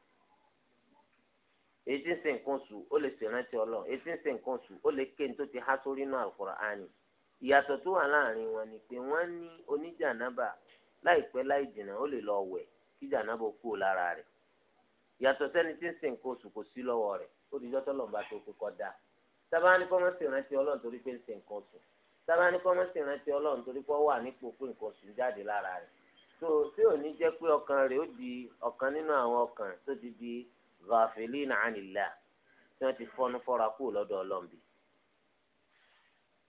èyí tí ń nǹkan oṣù ó lè ọlọ́run èyí tí ń nǹkan oṣù ó lè ké ní tó ti há sórí náà alukur'an ìyàtọ̀ tó wà láàrin wọn ni pé wọ́n ní oníjànábà láìpẹ́ láì jìnnà ó lè lọ wẹ̀ kí kú lára rẹ̀ sẹ́ni tí ń nǹkan sábà ní kọ́mọ́sì rántí ọlọ́run torí pé ó wà nípò pé nǹkan sùn jáde lára rẹ̀ tó tí ò ní jẹ́ pé ọkàn rẹ̀ ó di ọ̀kan nínú àwọn ọkàn tó ti di ghafilina tí wọ́n ti fọ́nú fọ́ra kú lọ́dọ̀ ọlọ́mbi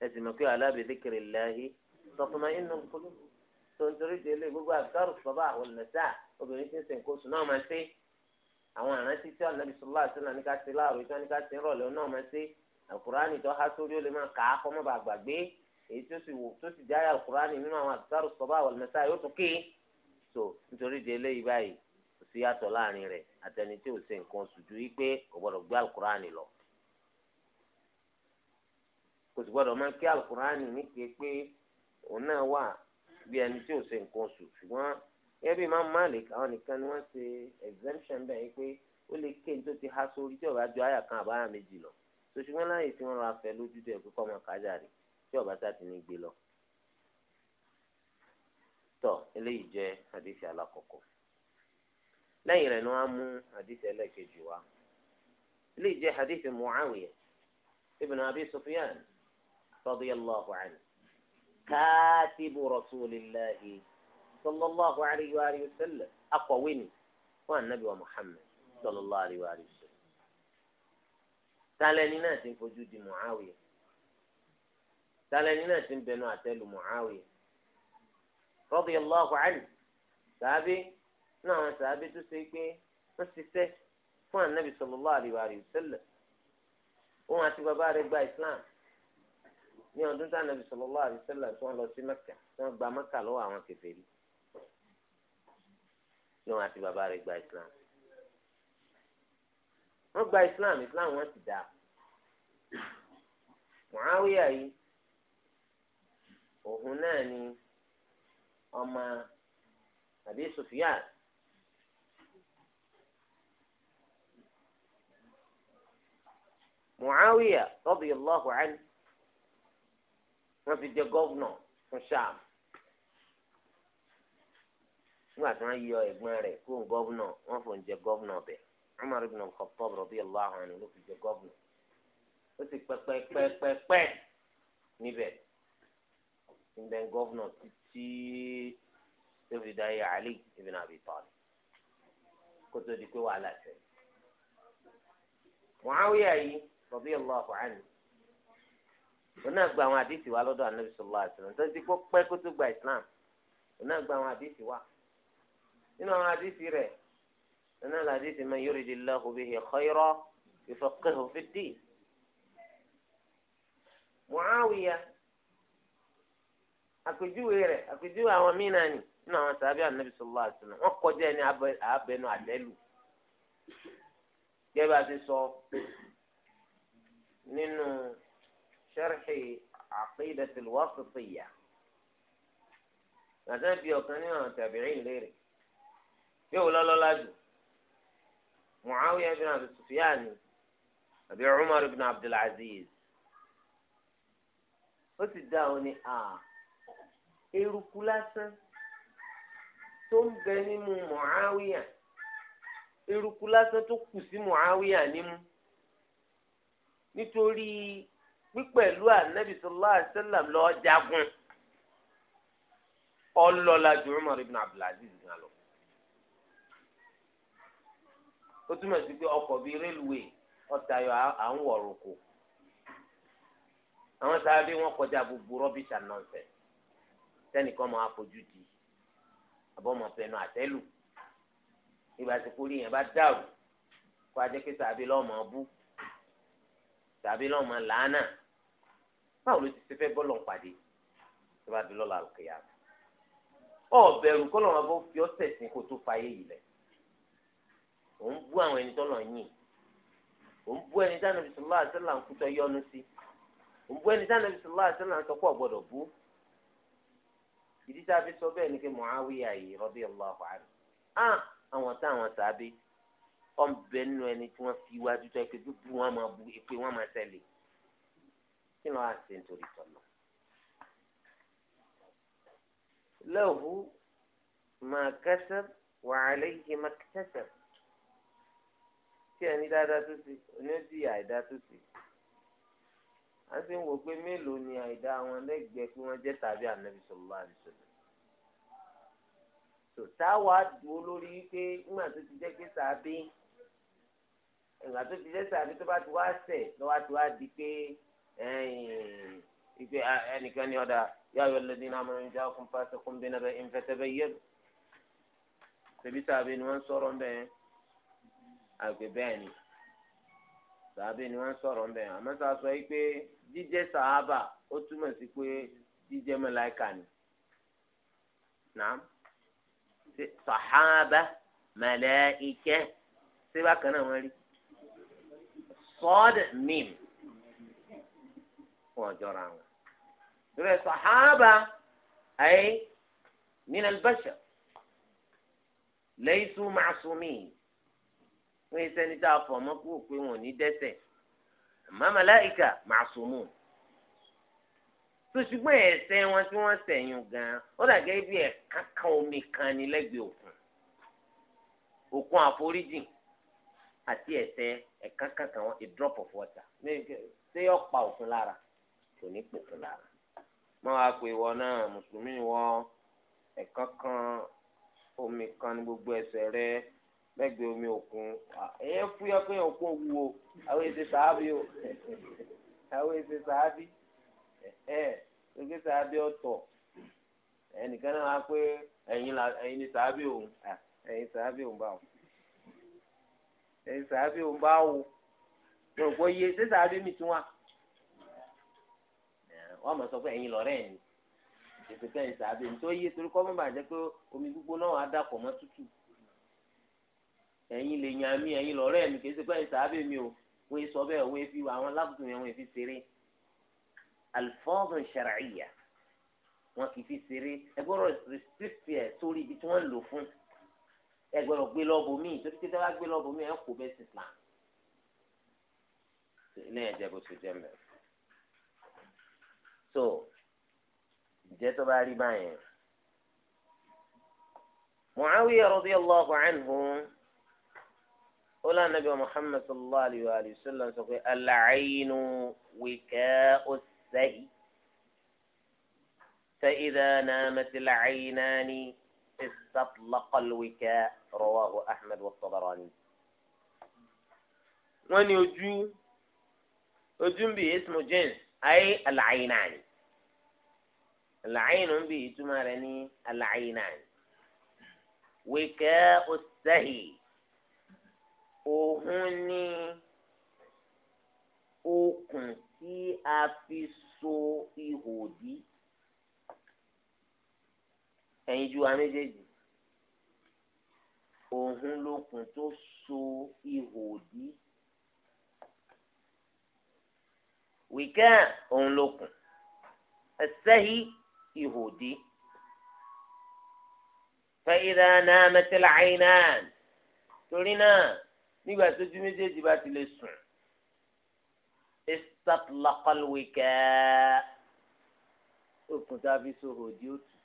ẹ̀sìn mọ̀ pé ala bi dhikrillahi tatma'innul qulub tó ń torí gbogbo obìnrin ń náà máa ṣe èyí tó sì wò tó sì jẹ́ àyà kúránì nínú àwọn àtúntàrò sọ́bà wal mẹ́sà yóò tún kí so nítorí di eléyìí báyìí kò sí yàtọ̀ láàrin rẹ̀ àtẹni tí ò ṣe nǹkan oṣù ju wípé kò gbọ́dọ̀ gbé alukurani lọ kò sì gbọ́dọ̀ máa kí alukurani níke pé òun náà wà bí ẹni tí ò ṣe nǹkan oṣù ṣùgbọ́n gẹ́gẹ́ bí Imam Malik àwọn nìkan ni wọ́n ṣe exemption bẹ́ẹ̀ pé ó lè ké ní tó ti há sórí tí ọ̀rọ̀ àjọ àyà kan àbáyà méjì lọ so ṣùgbọ́n láyè tí wọ́n ra fẹ́ lójú dẹ̀ pé kọ́ ọmọ kájà rè tí ọba sáti ní gbé lọ tọ eléyìí jẹ́ hadisi alákọ̀ọ́kọ́ lẹ́yìn rẹ̀ ni wọ́n á mú hadisi ẹlẹ́ẹ̀kejì wá eléyìí jẹ́ hadisi Muawiya ibn Abi Sufyan radiyallahu anhu katibu rasulillahi sallallahu alayhi wa sallam akọ̀wé ni fún anabi wa Muhammad sallallahu alayhi wa sallam tálẹ́ni náà ti ń fojú di Muawiya tàlẹ́ni náà ti ń bẹnu àtẹ́lu Muawiya radiyallahu anhu sàábí náà àwọn sàábí tó ṣe pé wọ́n ṣiṣẹ́ fún anabi sallallahu alaihi wa sallam òun àti bàbá rẹ̀ gba islam ní ọdún tí anabi sallallahu alaihi wa sallam tí wọ́n lọ sí mẹ́kà tí wọ́n gba mẹ́kà lọ́wọ́ àwọn kèfèrí ní òun àti bàbá rẹ̀ gba islam wọ́n gba islam islam wọ́n ti dáa Muawiya yìí. òun náà ni ọmọ àbí sofia Muawiya Allahu anhu wọ́n fi jẹ gọ́vnọ̀ fún Sham nígbà tí wọ́n yọ ẹ̀gbọ́n rẹ̀ kó gọ́vnọ̀ wọ́n fòun jẹ gọ́vnọ̀ bẹ̀ Umar ibn al-Khattab radiyallahu ló fi ń bẹ gọ́vnà títí tó fi dáyé Ali ibn Abi Talib kó tó di pé wàhálà sẹ́yìn. Muawiya yìí radiyallahu anhu òun náà gba àwọn àdìsí wa lọ́dọ̀ anabi sallallahu alaihi wasallam tó ti kó pẹ́ kó tó gba islam òun náà gba àwọn àdìsí wa nínú àwọn àdìsí rẹ̀ òun náà làdìsí man yuridillahu bihi khayran yufaqqihhu fid-din àpèjúwe rẹ̀ àpèjúwe àwọn míì náà nì nínú àwọn sàbí ànábì sọlá àtúnà wọn kọjá ẹni abẹnú àtẹlù gẹ́gẹ́ bá ti sọ nínú sẹ́rẹ̀ṣẹ̀ àpéjìdẹ̀tìlù wọ́n fífi yà gbàtà bí ọ̀kan nínú àwọn tàbíyìn léèrè bí wò lọ́lọ́lá jù Muawiya bin Abi Sufyan àbí Umar Abdul Aziz ó sì dá òun ní àá eruku lásán tó ń bẹ nínú Muawiya eruku lásán tó kù sí Muawiya nímú nítorí pípẹ̀lú ànábì sallallahu alaihi wasallam lọ jagun ọlọ́lá ju Umar ibn Abdulaziz gan lọ. ó túmọ̀ sí pé ọkọ̀ bíi rélùwé ọ̀tayọ̀ à ń wọ̀rùkù àwọn sáábì wọn kọjá gbogbo rọ́bìṣà nọ́ọ̀sẹ̀ sẹ́nìkan máa fojú di àbọ̀mọ̀fẹ́nu àtẹ́lù ìgbà tí kúrì yẹn bá dàrú kó ajẹ́ pé tàbí lọ́mọ bú tàbí lọ́mọ làánà báwo ló ti ṣe fẹ́ bọ́lọ̀ ń pàdé tó bá di lọ́la àlùkìyà ọ̀bẹ̀rù kọ́lọ́mọ bó fi ọ́ sẹ̀sìn kó tó fàyè yìí lẹ̀ òun bú àwọn ẹni tọ́lọ̀ yìn òun bú ẹni tí Ànábì sallallahu alaihi wasallam ń kútọ́ yọ́nu sí òun bú ẹni tí Ànábì sallallahu alaihi wasallam ń sọ pé ọ̀gbọ́dọ̀ bú ìdí tá a fi sọ bẹ́ẹ̀ ni pé Muawiya yìí radiyallahu anhu ah àwọn tá àwọn sàábé ọ̀n bẹ nínú ẹni tí wọ́n fi iwájú tó ẹgbẹ́ búburú wọn máa bu èpè wọn máa tẹ̀lé kí ló wá ṣe nítorí tọ̀nà. lahu ma kasab wa alayhi maktasab tí ẹni dáadáa tó ṣe oní ó di àìdáa tó ṣe a ti ń wò pé mélòó ni àìdá wọn lẹ́gbẹ̀ẹ́ pé wọ́n jẹ́ tàbí ànábì sallallahu alaihi wasallam. tòtá wa dúró lórí pé nígbà tó ti jẹ́ pé sàbí ìgbà tó ti jẹ́ sàbí tó bá ti wá sẹ̀ lọ́wọ́ ti wá di pé ìpè ẹnìkan ní ọ̀dà yā ayyuhalladhīna āmanū in jā'akum fāsiqun binaba'in fatabayyanū. tèmi sàbí ni wọ́n sọ̀rọ̀ mbẹ́ àgbẹ̀ bẹ́ẹ̀ ni sàábì ni wọ́n sọ̀rọ̀ ń bẹ̀ àmọ́ tá a sọ yìí pé jíjẹ́ sàábà ó túmọ̀ sí pé jíjẹ́ màláíkà ni naam sàhábà màláíkà ṣé bákan náà wọ́n rí sọ́ọ̀dì mìm wọ́n jọra wọn. Ìrẹ̀ sàhábà ayé min al-bashar laysu ma'sumin wọ́n yẹ sẹ́ni tá a fọ̀ mọ́ kúrò pé wọn ò ní dẹ́ṣẹ̀ àmọ́ màláìkà màsùmù sòṣùgbọ́n ẹ̀ṣẹ̀ wọn tí wọ́n ṣẹ̀yìn gan-an ó dàgẹ́ bí ẹ̀ka kan omi kan ní lẹ́gbẹ̀ẹ́ òkun òkun àforíjì àti ẹ̀ṣẹ̀ ẹ̀ka kankan wọn a drop of water ṣé yọ pa òkun lára kò ní pòkun lára mọ́ wá pé ìwọ náà mùsùlùmí wọ ẹ̀ka kan omi kan ní gbogbo ẹ̀ṣẹ̀ rẹ̀ lẹ́gbẹ̀ẹ́ omi òkun ẹ̀yẹ fúyẹ́ pé òkun wúwo àwọn èsì sàábì o àwọn èsì sàábì ẹ̀ ẹ̀gbẹ́ sàábì ọ̀tọ̀ ẹnìkan náà wá pé ẹ̀yin ni sàábì òun ẹ̀yin sàábì òun bá wò ẹ̀yin sàábì òun bá wò gbogbo iye ṣé sàábì mi tún wà wọ́n mọ̀ sọ pé ẹ̀yin lọ́rẹ́ ẹ̀ ni èsì pé ẹ̀yin sàábì mi tó yé torí kọ́ mọ́ bàjẹ́ pé omi gbígbóná wà á dàpọ̀ mọ́ tútù ẹ̀yin lè yàn mí ẹ̀yin lọ́rẹ́ mi kì í ṣe pé ẹ̀yin sàábẹ̀ mi o wọ́n sọ bẹ́ẹ̀ wọ́n fi àwọn lábùtù yẹn wọ́n fi ṣeré alfọ́ọ̀dùn ṣàràyà wọn kì í fi ṣeré ẹ gbọ́dọ̀ restrict ẹ̀ sórí ibi tí wọ́n ń lò fún ẹ gbọ́dọ̀ gbé lọ́ọ̀bù míì torí pé tẹ́lá gbé lọ́ọ̀bù míì ẹ̀ kò bẹ́ẹ̀ sì plan ilé ẹ̀jẹ̀ bó ṣe jẹ́ mẹ́ so ìjẹ́ tó bá rí báyẹn Muawiya radiyallahu anhu. قال نبي محمد صلى الله عليه وآله وسلم العين وكاء السيء فإذا نامت العينان استطلق الوكاء رواه أحمد والطبراني من يجون يجون به اسم جنس أي العينان العين به تمارني العينان وكاء السهي òun ni okùn tí a fi so ihò dí ẹ̀yin ju wa méjèèjì òun lókùn tó so ihò dí wíkẹ́ òun lókùn ẹsẹ́hí ihò dí fẹ́ ìdáná mẹ́tẹ́lá àyínà torí náà nígbà tójú méjèèjì bá ti lè sùn istatlaqalwe kẹ́ òkun tàbí sòrò di òtù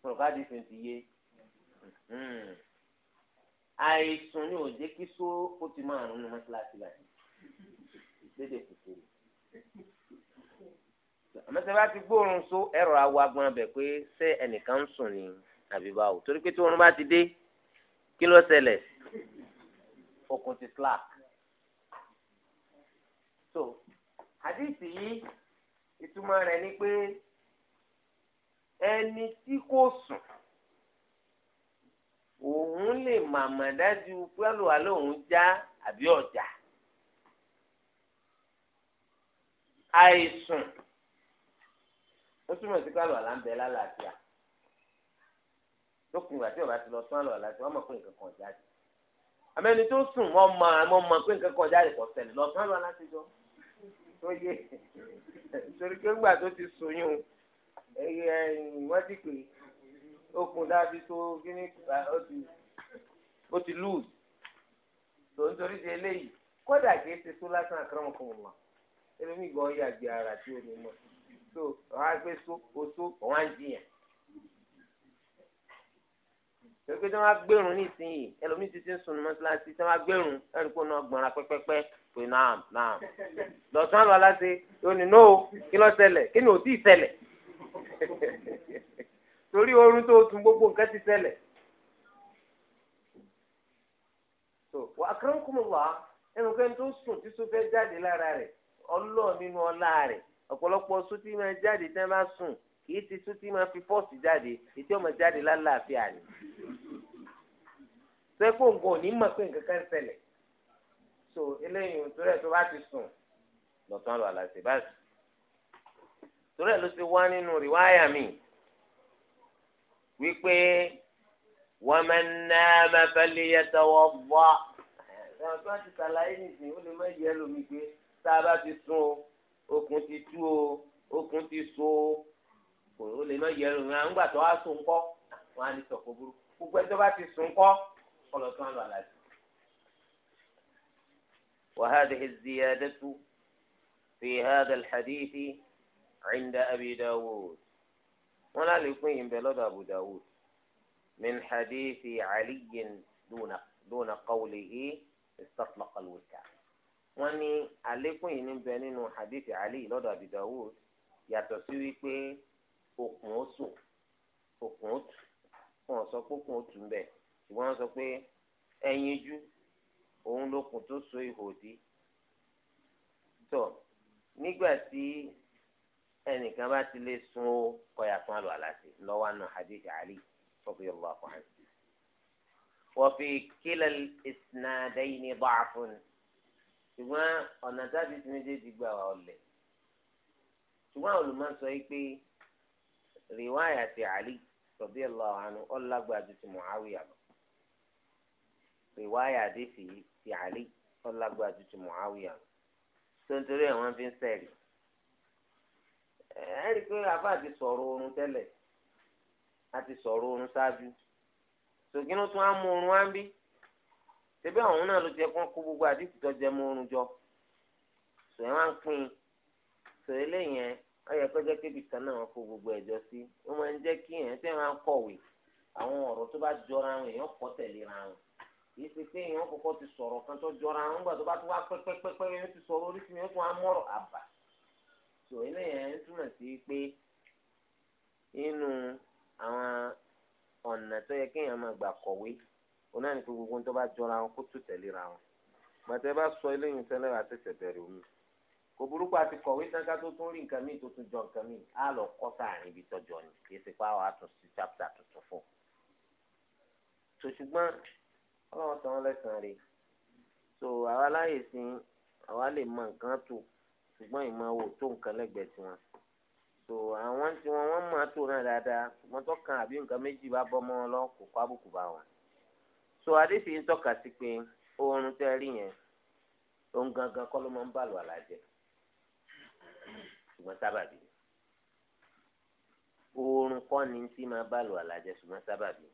pọ̀lọ́kádì fèsì yé hmm. àìsùn ni ò jẹ́ kí só ó ti máa rún ní mọ́tíláṣí báyìí lédè kòkòrò àmọ́ sẹ́ bá ti gbóòórùn só ẹ̀rọ awagbọn bẹ̀ pé ṣé ẹnìkan ń sùn ni àbí báwo torí pé tí oorun bá ti dé kí ló ṣẹlẹ̀ okùn ti slack so àdìsí yìí ìtumọ̀ rẹ̀ ni pé ẹni tí kò sùn òun lè màmá dájú pẹ́lú àlọ́ òun já àbí ọ̀jà àìsùn ó túmọ̀ sí pẹ́lú àlá ń bẹ lálàáfíà lókun ìgbà tí ọba ti lọ tún àlọ́ àlá tí wọ́n mọ̀ pé nǹkan kan jáde àmẹ́ni tó sùn mọ́ ma mọ́ ma pé nǹkan kan jáde kọ́ ṣẹlẹ̀ lọ tún àlọ́ àlá ti jọ tó yé torí pé ńgbà tó ti sùn yún wọ́n ti pè okùn dábí tó kíní ó ti lùz tó ń torí ṣe eléyìí kódà kìí ṣe tó lásán àkàràmọ̀kọ̀mọ̀ wà ẹlòmíì gan yàgbé ara tí ó ní mọ́ so àwọn agbésó oṣó àwọn àjìyàn pé tí wọ́n á gbẹ̀rún nísìnyí ẹlòmíì ti ti ń sun mọ́ṣáláṣí tí wọ́n á gbẹ̀rún ẹni kó náà gbọ̀nra pẹ́pẹ́pẹ́ pé náà náà lọ́sàn-án lọ aláṣẹ yóò ní nóò kí ló ṣẹlẹ̀ kí ni ò tí ì ṣẹlẹ̀ torí oorun tó tún gbogbo nǹkan ti ṣẹlẹ̀. wà á kàn kún mi wá ẹnu kẹ́ni tó sùn tí sùn fẹ́ jáde lára rẹ̀ ọlọ́ọ̀ nínú ọlá rẹ̀ ọ̀pọ̀lọpọ̀ sùn kìí ti sún tí máa fi fọ́ọ̀sì jáde ètí ọmọ jáde lálàáfíà ni sẹ́kọ̀ nǹkan ò ní mọ̀ pé nǹkan kan ṣẹlẹ̀ so eléyìí torí ẹ̀ tó bá ti sùn lọ́tàn lọ àlàsì bá sùn torí ẹ̀ ló ti wá nínú rìwáyà mi wípé wọ́n máa ń ná mẹ́fẹ́lẹ́yẹtọ̀wọ́ bọ́ ẹ̀rọ tó ti ṣàlàyé nìsín ó lè má yẹ ẹlòmíì pé tá a bá ti sùn o okùn ti tú o okùn ti so o kò ó lè má yẹ ẹrù mi àwọn gbàtọ́ á sùn kọ́ wọn á ní sọ̀kò burú gbogbo ẹni tó bá ti sùn kọ́ ọlọ́ tó ń lọ àlàjì. وهذه الزيادة في هذا الحديث عند أبي داود ولا لقيهم بلد أبو داود من حديث علي دون دون قوله استطلق الوكاء wọ́n ní àlékún yìí ń bẹ nínú hadith ali lọ́dọ̀ Abi Dawud yàtọ̀ sí wípé okùn ó sùn okùn ó tù wọn sọ pé ó tù ń bẹ ṣùgbọ́n wọ́n sọ pé ẹyinjú òun lókùn tó so ihò dí tọ nígbà tí ẹnìkan bá ti lè sun ó kọyà fún àlọ́ àlàsì lọ́wọ́ àná hadith ali radiyallahu anhu. وفي كلا الإسنادين ضعف ṣùgbọ́n ọ̀nà tábí ti méjèèjì gbà wá ọ̀lẹ̀ ṣùgbọ́n olùmọ̀sọ yìí pé riwaya ti ali radiyallahu anhu ju ti muawiya lọ riwaya adéfì ti ali ọlágbára ti muawiya lọ ti sọrọ oorun tẹlẹ a ti sọrọ oorun ṣáájú sògínú tún á mú oorun á ń bí ṣebí àwọn náà ló jẹ kó kó gbogbo àdìsí tó oorun jọ wá ń pín in ayẹ pẹjẹ kébì kan náà wọn kó gbogbo ẹjọ́ sí wọn máa ń jẹ́ kí èèyàn tẹ máa ń kọ̀wé àwọn ọ̀rọ̀ tó bá jọra àwọn èèyàn kọ tẹ̀léra wọn kì í ṣe pé èèyàn kọ́kọ́ ti sọ̀rọ̀ kan tó jọra àwọn gbà tó bá tó wá pẹpẹpẹpẹ yẹn ti sọ̀rọ̀ oríṣi yẹn fún amọrọ àbà tó eléyẹn túmọ̀ sí pé nínú àwọn ọ̀nà tó yẹ kéèyàn máa gbà kọ̀wé òun náà ní pé gbogbo tó bá jọra wọn kó tó tẹ̀léra wọn màtẹ́ bá sọ eléyìí tẹ́lẹ̀ àti tẹ̀bẹ̀rẹ̀ omi òbúrúkú àti kọ̀wé sanka tó tún rí nǹkan míì tó tún jọ nǹkan míì á lọ kọ́ sáàrin ibi tọ́jọ́ ni kì í ṣe pé àwọn àtúnṣe chapter tuntun fún. tó ọlọ́run san wọ́n lẹ́sàn-án rè so àwa láyè sí àwa lè mọ nǹkan tó ṣùgbọ́n ìmọ̀ wò tó nǹkan lẹ́gbẹ̀ẹ́ tiwọn. so àwọn tí wọn wọ́n máa tó náà dáadáa ṣùgbọ́n tó kan àbí nǹkan méjì bá bọ́ mọ́ lọ kò kó àbùkù bá wọn. so adéfì ń tọ́ka sí pé oorun tẹ́ rí yẹn òun gangan kọ́ ló máa ń bàlù àlàjẹ́ ṣùgbọ́n sábàbí oorun kọ́ ni tí máa bá lò àlàjẹ ṣùgbọ́n sábàbí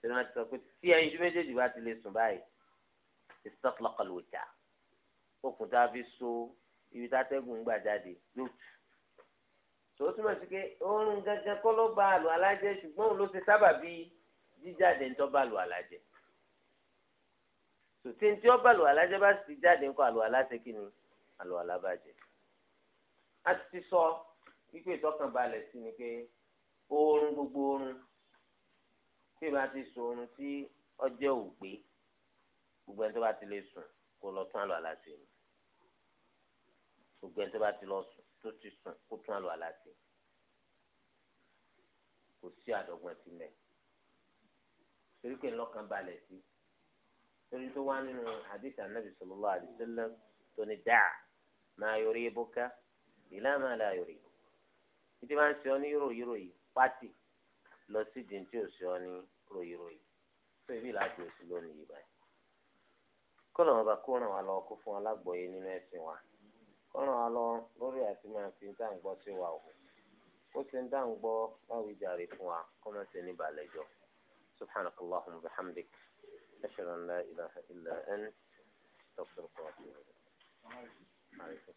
tẹ̀lé wọn ti sọ pé tí ẹyin ju méjèèjì bá ti lè sùn báyìí ìsọfúnlọ́kọlù ìjà òkun tá a fi so ibi tátẹ́gùn gbà jáde yóò tù tòun túmọ̀ sí pé oorun gangan kọ́ ló bá lò àlàjẹ ṣùgbọ́n òun ló ṣe sábàbí jíjáde ń tọ́ bá lò àlàjẹ tòtí ń tí ó bá lò àlàjẹ bá sì jáde ń kọ́ àlò àlàjẹ kí ni àlò àlàbàjẹ́ a ti sọ wípé ìtọ́kànbalẹ̀ sí ni pé oorun gbogbo oorun tí ìbá ti sùn oorun tí ọjọ́ ògbé gbogbo ẹni tó bá ti lè sùn kó lọ tún àlọ́ àlàsì ni gbogbo ẹni tó bá ti lọ sùn tó ti sùn kó tún àlọ́ àlàsì kò sí àdọ́gbọ́n ti mẹ́ torí pé ńlọ́kàn balẹ̀ sí torí tó wá nínú hadith anabi sallallahu alaihi tó ní dáa ma yuribuka ìlànà aláyọ̀ rẹ̀ títí máa ń ṣe ọ ní ròyìnròyìn pátì lọ sí ìdí tí ò ṣe ọ ní ròyìnròyìn fún ibi láti oṣù lónìí yìí báyìí kọ́nà ọba kó ràn wá lọ kó fún alágbọ̀ọ́yé nínú ẹ̀sìn wa kó ràn wá lọ lórí àti máa fi dá ǹgbọ́ sí wa o ó ti ń dá ǹgbọ́ láwùí fún wa kó má ṣe ní balẹ̀jọ́ subhanak allahumma wa bihamdik ashhadu an la ilaha illa ant astaghfiruka wa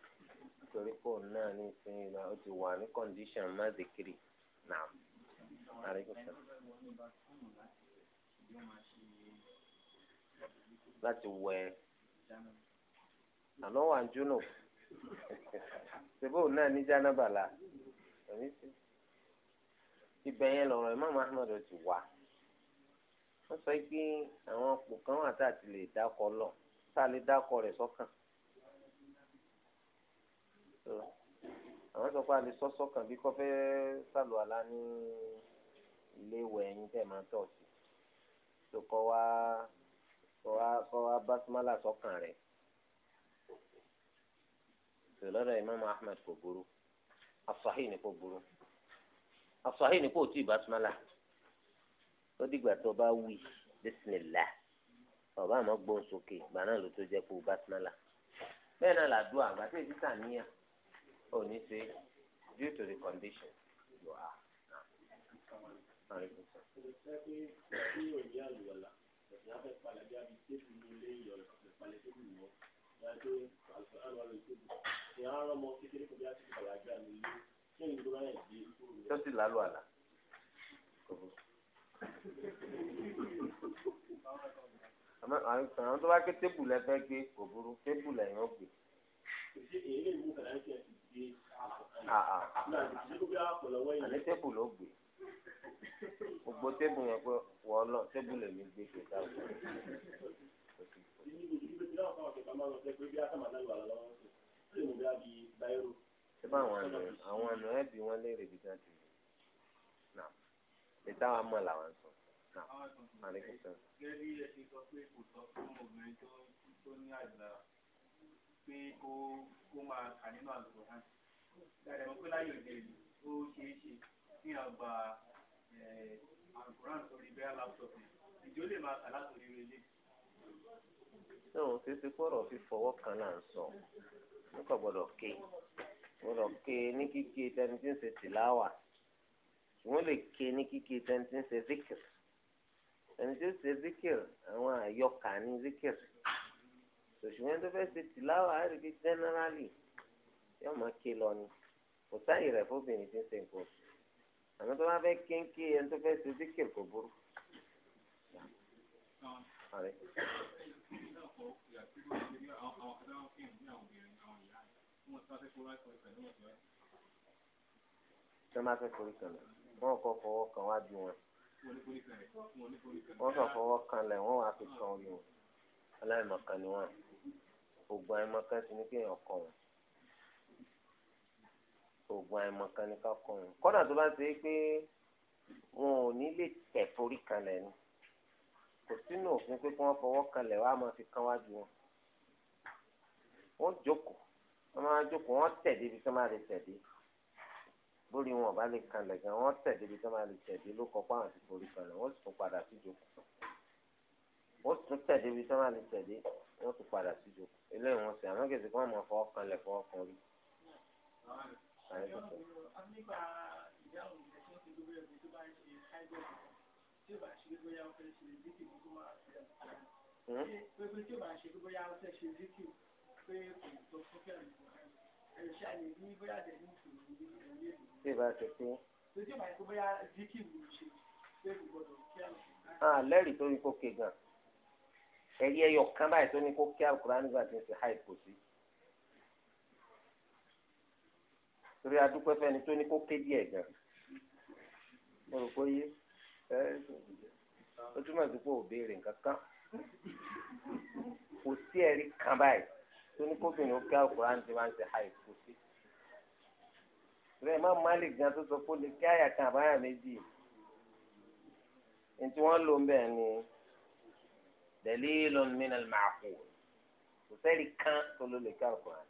nítorí pé òun náà ní ìsinyìí náà ó ti wà ní kọ́ndíṣàn má zikiri náà àríkùsà. láti wẹ àlọ́ wà ń júnù ṣèbó náà ní jánábàlà ẹ̀mí sí ibẹ̀ yẹn lọ̀rọ̀ Imam Ahmad ti wà wọ́n sọ pé àwọn ọ̀pọ̀ kan wà tá a ti lè dákọ̀ lọ tá a lè dákọ̀ rẹ̀ sọ́kàn. So so àwọn sọ pé alẹ́ sọ́sọ́ kan bí kọ́fẹ́ sàlùwàlá ní ilé ìwẹ̀ ẹ̀yìn tẹ̀ máa tọ̀ sí so kọ́ wá kọ́ wá kọ́ wá básímálà sọ́kàn rẹ̀ so lọ́dọ̀ imam ahmed kò burú asahi ni kò burú asahi ni kò tí ì básímálà ó dìgbà tó bá wí bísímìlá ọba àmọ́ gbóhùn sókè gbà náà ló tó jẹ́ kó básímálà bẹ́ẹ̀ náà làdúrà àgbà tẹ̀ níyà ò ní ṣe due to the condition you are. tó sì lálù àlà àwọn tó bá ké tébù lẹ fẹ́ gbé kò burú tébù lẹ́yìn gbé. Ah, ah. àní tébù ló gbé gbogbo tébù yẹn pé wọ́n lọ tébù lè mi gbé kéka o. ṣé bá àwọn àna àwọn àna ẹ bí wọn léèrè bí ká ti nà ètò àwọn amọ̀ làwọn ń sọ nà àlékún sọ. gẹ́gẹ́ bí ẹ ti sọ pé kò tọ́ fún obìnrin tó ní àgbà pé kó kó máa kà nínú àlùkò náà dáadáa mọ̀ pé láyò ìdẹ̀rẹ̀ ó ṣeé ṣe kí n àgbà àlùkò náà sórí bẹ́ẹ̀ láptọ̀pù ìjọ lè máa kà látòrí ilé. ṣé òun ṣe ti fọ̀rọ̀ fífọwọ́ kan náà sọ nípa gbọ́dọ̀ ké gbọ́dọ̀ ké ní kíkí tẹni tí ń ṣe tìláwà wọ́n lè ké ní kíkí tẹni tí ń ṣe zikir ẹni tí ń ṣe zikir àwọn àyọkà ní zikir ṣùgbọ́n tó fẹ́ ṣe tìláwà á rí bí jẹ́nẹ́rálì yóò máa ké lọ ni kò sáyè rẹ̀ fóbìnrin tí ń ṣe nǹkan àmọ́ tó bá fẹ́ kéńké ẹni tó fẹ́ ṣe díkè kò burú. Ṣé máa fẹ́ forí kan lẹ̀? Wọ́n kọ́ fọwọ́ kan wá bí wọn. Wọ́n kàn fọwọ́ kan lẹ̀, wọ́n wá fi kan orí wọn. Aláìmọ̀kan ni wọ́n oògùn àìmọ̀kan sí ni kéèyàn kọ wọn oògùn àìmọ̀kan ni ká kọ wọn kọ́dà tó bá ṣe é pé wọn ò ní lè tẹ̀ forí kanlẹ̀ ni kò sínú òfin pé kí wọ́n fọwọ́ kanlẹ̀ wá máa fi kán wájú wọn wọ́n jókòó wọ́n máa jókòó wọ́n tẹ̀ débi tí wọ́n máa lè tẹ̀ dé lórí wọn ọba lè kanlẹ̀ gan wọ́n tẹ̀ débi tí wọ́n máa lè tẹ̀ dé ló kọ́ pàrọ̀ sí forí kanlẹ̀ wọ́n sì tún padà sí jókòó wọ́n sì tún tẹ̀ débi tí máa lè tẹ̀ dé wọ́n tún padà sí ìjókòó eléyìí wọ́n sè àmọ́ kìí ṣe kí wọ́n máa fọwọ́ kan lẹ̀ fọwọ́ kan rí. Ṣé ìbá ṣe pé? Ṣé ìbá ṣe pé bóyá zikiru ṣe? Ṣé ìgbọ́dọ̀ Àlẹ́ ah, rí torí kó ké gan ẹ̀rí ẹyọ kan báyìí tó ní kó kí alukurani gba ti ń ṣe háì kò sí. torí adúpẹ́ fẹ́ni tó ní kó ké díẹ̀ gan. mo rò pé yé ẹ ó túmọ̀ sí pé ò béèrè nǹkan kan kò sí ẹ̀rí kan báyìí tó ní kóbìnrin ó kí alukurani ti máa ń ṣe háì kò sí. rẹ̀ má Malik gan tó sọ pé ó lè kí àyà kan àbáyà méjì. ní tí lò ń bẹ̀ ni. دليل من المعقول وسالي كان تقول لي كان القرآن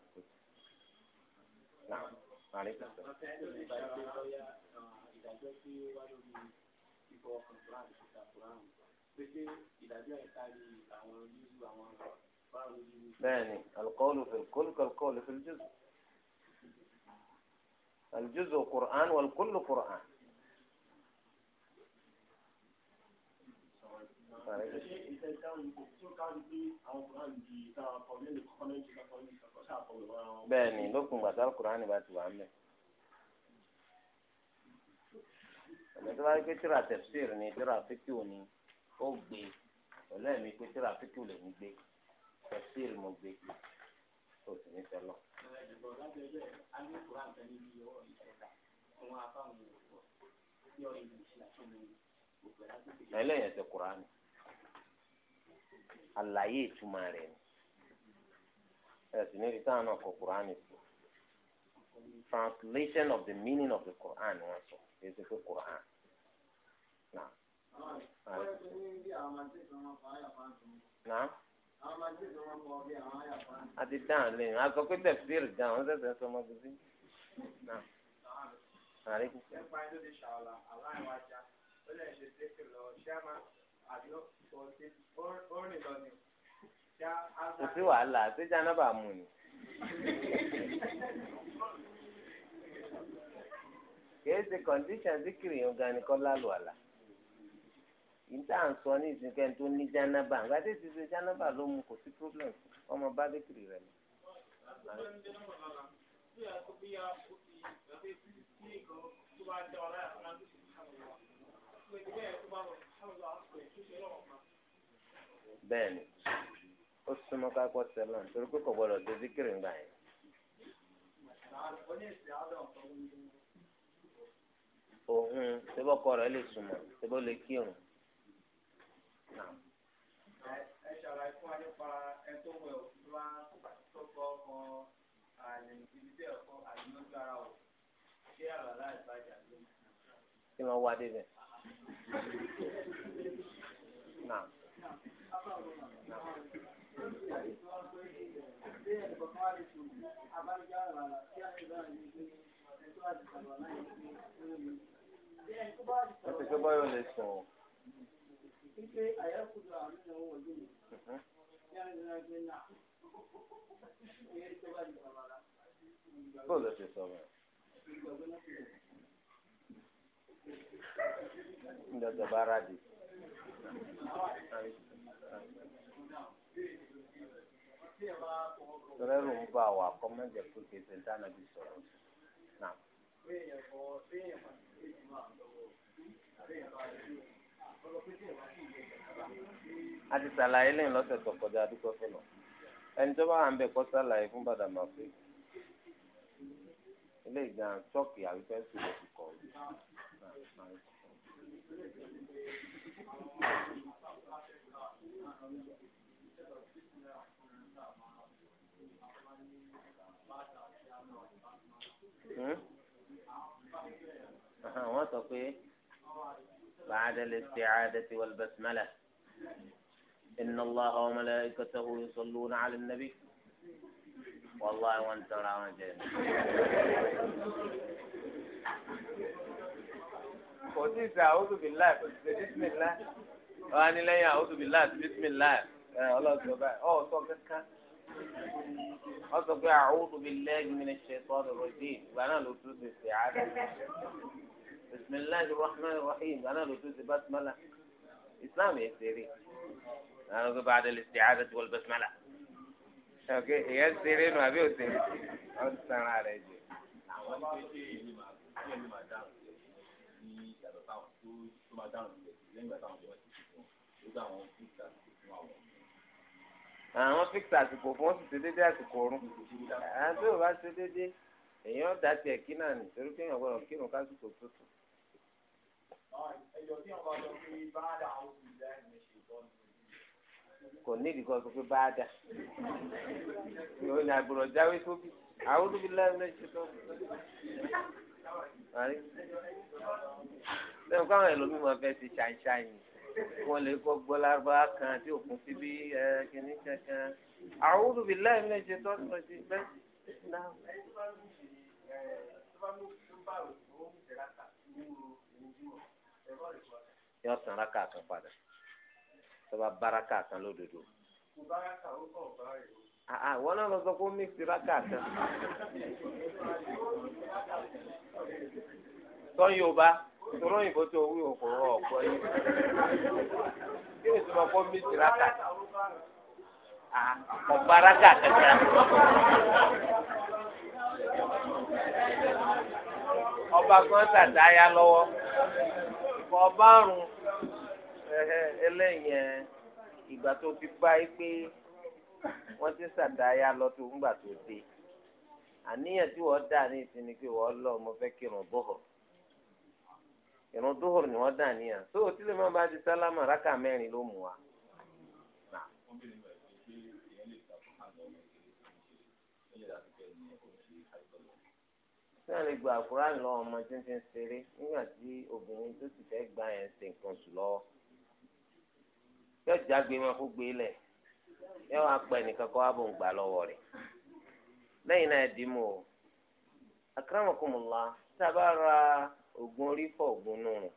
نعم عليك السلام ثاني القول في الكل كالقول في الجزء الجزء قرآن والكل قرآن sàrẹ́. bẹ́ẹ̀ ni lókun gbàtà kúránì bá ti wà ń bẹ̀. ẹ̀mí tó bá rí pé tíra tẹ̀síìrì ni tíra fíkìú ni ó gbé pẹ̀lú ẹ̀mí pé tíra fíkìú lè ní gbé tẹ̀síìrì mo gbé kò sì ní fẹ́ ẹlẹ́yìn ẹ̀sẹ̀ kúránì àlàyé ìtumọ̀ rẹ̀ ni ẹ̀sìn níbi táwọn náà kọ kuraani sí translation of the meaning of the Quran ni wọ́n sọ èyí ti fi Quran na. na a ti dáhùn lẹ́yìn a sọ pé tẹ̀síìrì dáhùn ó sẹ̀sẹ̀ sọ ọmọdé sí. nípa kò sí wàhálà ṣé jánábà mú ni. kìí ṣe kọ̀ǹdíṣàn síkìrì yẹn gan lálù àlà. ìta à ń sọ ní ìsìnkẹ́ tó ní jánábà nígbà tí ti ṣe jánábà ló mú kò sí problem ọmọ bá bíkìrì rẹ̀ lọ. Thank bẹ́ẹ̀ni ó súnmọ́ kápọ sẹlẹ nítorí pé kò gbọ́dọ̀ dojú kiri ńgbà yẹn. òhun sebọkọ rẹ lè súnmọ́ sebọ lè kírun. ẹ ṣàlàyé fún wa nípa ẹ tó wẹ o tó bá tó kọ ọkọ àlè ibi tí ẹkọ àlè lójú ara o ṣé àlàlá ìbàjẹ́ ló ń. kí wọ́n wá débẹ̀. Ẹ̀sìn tó báyọ̀ sọ̀rọ̀. Ndio tabaradi. Tọ́lá ẹ̀rù ń bá wa kọ́ mẹ́jẹ pé kì í ṣe dáná bí sọ̀rọ̀ náà. A ti ṣàlàyé lẹ́yìn lọ́sẹ̀ tó kọjá àdúgbò fún Ẹni tó bá wà ń kọ́ ṣàlàyé fún bàdà máa fi. Ilé ìgbà àbí fẹ́ẹ́ بعد الاستعادة والبسملة إن الله وملائكته يصلون على النبي والله وانت راجل kò sí ìsìn àwùjọ bí láì kò sí bísí láì wọn ní lẹ́yìn àwùjọ bí láì bísí láì ọlọ́sọ báyìí ọ̀ sọ kẹkẹ wọ́n sọ pé àwùjọ bí lẹ́yìn mi ní ṣe sọ́ọ́dọ̀ rọ̀jì ìgbà náà ló tún ṣe ṣe àádọ́ بسم الله الرحمن الرحيم أنا لجوز بسملة إسلام يا سيري أنا بعد الاستعاذة والبسملة أوكي يا سيرين وأبي سيري أستنى على يجي tó máa dáhùn ìgbẹ́ sí lẹ́yìn ìgbà táwọn ìjọba ti fi fún un ó dá fíìsì àsìkò fún àwọn àwọn fíìsì àsìkò fún wọn sì déédéé àsìkò ọrùn àwọn tó bá ṣe déédéé èèyàn dá tiẹ̀ kí náà nì torí kéèyàn gbọ́dọ̀ kírun kásìkò tó tù. tí wọ́n bá lọ sí bá dà ó sì lẹ́yìn ìṣèjọ́ ni kò ní ìdíkọ tó fi bá a dà yóò ní agbọ̀rọ̀ jáwé sóbì àwọn olùbílẹ̀ ẹ̀ ṣe tó lẹ́yìn fún àwọn ẹlòmíì máa fẹ́ ti ṣàǹṣàyìn wọ́n lè kọ́ gbọ́ lárúbáwá kan tí òkun ti bí kìnní kankan àwùjọ bíi láì méje tó sọ sí bẹ́ẹ̀ náà. yọ san raka kan padà tọba baraka kan lódodo. Àà wọn náà lọ sọ pé ó mix raka kan. Sọ Yorùbá. ìṣòro òyìnbó tó wí òkò rọ ọ̀pọ̀ yìí kí ni ìṣòro ọkọ mi ti rákà ọ̀pọ̀ arákà kẹta ọba kan tàtà ya lọ́wọ́ ọba àrùn ẹlẹ́yìn ìgbà tó fi bá yí pé wọ́n ti sàdáyà lọ tó ń gbà tó dé àníyàn tí wọ́n dà ní ìsinmi pé wọ́n fẹ́ kírun bọ́ọ̀. ìrun dóhùr ni wọ́n dà níyàn tó o tí lè má bá ti sálámà rákà mẹ́rin ló mú wa. sọ́yìn lè gba àkùrán lọ ọmọ tí ń fi ń ṣeré nígbà tí obìnrin tó sì fẹ́ gba yẹn ṣe nǹkan sùn lọ́wọ́ yóò jágbe wọn kó gbé lẹ̀ yóò wá pa ẹnìkan kó wá bò ń gbà lọ́wọ́ náà ẹ̀ dì mú o akramakumullah tá a bá ra. ogun orí fọ ogun nù rùn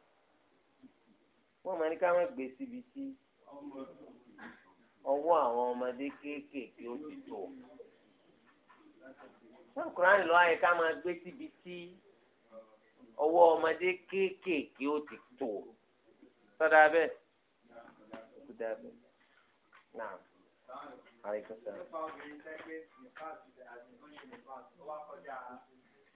wọn máa ní ká má gbé síbi tí ọwọ àwọn ọmọdé kéékèèké ó ti tó wọn kuran lọ ayẹ ká máa gbé síbi tí ọmọdé kéékèèké ó ti tó sọdọ abẹ abẹ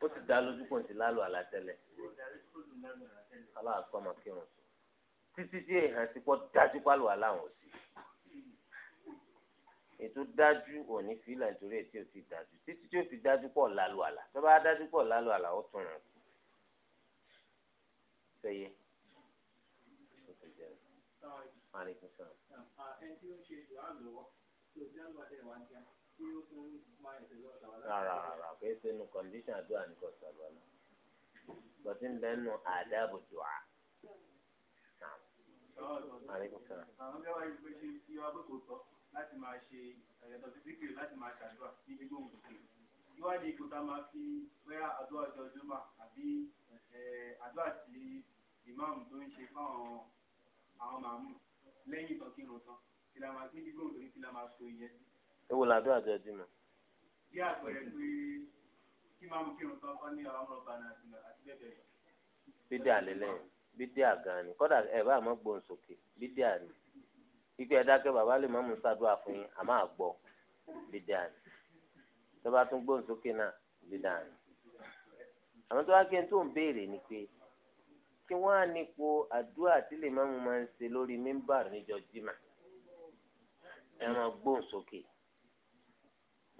ó ti dá lójú kò sí lálù àlátẹlẹ aláàtọ ọmọ kírun títí tí èèyàn ti pọ dájú pálù aláwọn òsì ètò dájú òní fílà nítorí ètò ò ti dájú títí tí ó fi dájú pọ̀ lálù àlà tó bá dájú pọ̀ lálù àlà ó tún rìn kú sẹyẹ ó ti jẹ ẹ. ẹni tí ó ń ṣe ìdùnnú àlọ́ rárá rárá kò é sínú kọ́ndíṣàn àdúrà ní kò sọ̀rọ̀ náà bọ́tí ń bẹ́ẹ̀ nù àdáàbò dùà. àwọn bí wàá yí pé ṣe fi wá bókò sọ láti máa ṣe ẹ̀yẹ̀tọ̀ sí síkìrì láti máa ṣàdúrà ní gbígbó òǹkùn ìwádìí ipò tá a máa fi bẹ́ẹ̀ àdúrà ọjọ́ jùmọ̀ àbí àdúrà tí ìmáàmù tó ń ṣe fáwọn àwọn màmú lẹ́yìn ìtọ́kírun tán ewu la dúró àjọ jùmọ̀. bí àpẹẹrẹ pé kí máa mú kírun tán kọ́ ní ọmọ ọba náà àti bẹ́ẹ̀ bẹ́ẹ̀ bídé àlélẹ̀ bídé àgàn ni kọ́dà ẹ̀ bá àmọ́ gbóhùn sókè bídé àní pípẹ́ ẹ dákẹ́ bàbá lè má mú sàdúrà fún yín àmọ́ àgbọ̀ bídé àní tó bá tún gbóhùn sókè náà bídé àní. àmọ́ tó wá kí n tó ń béèrè ni pé kí wọ́n á nípo àdúrà tí lè má mú máa ń ṣe lórí mímbà níjọ jimá ẹ máa gbóhùn sókè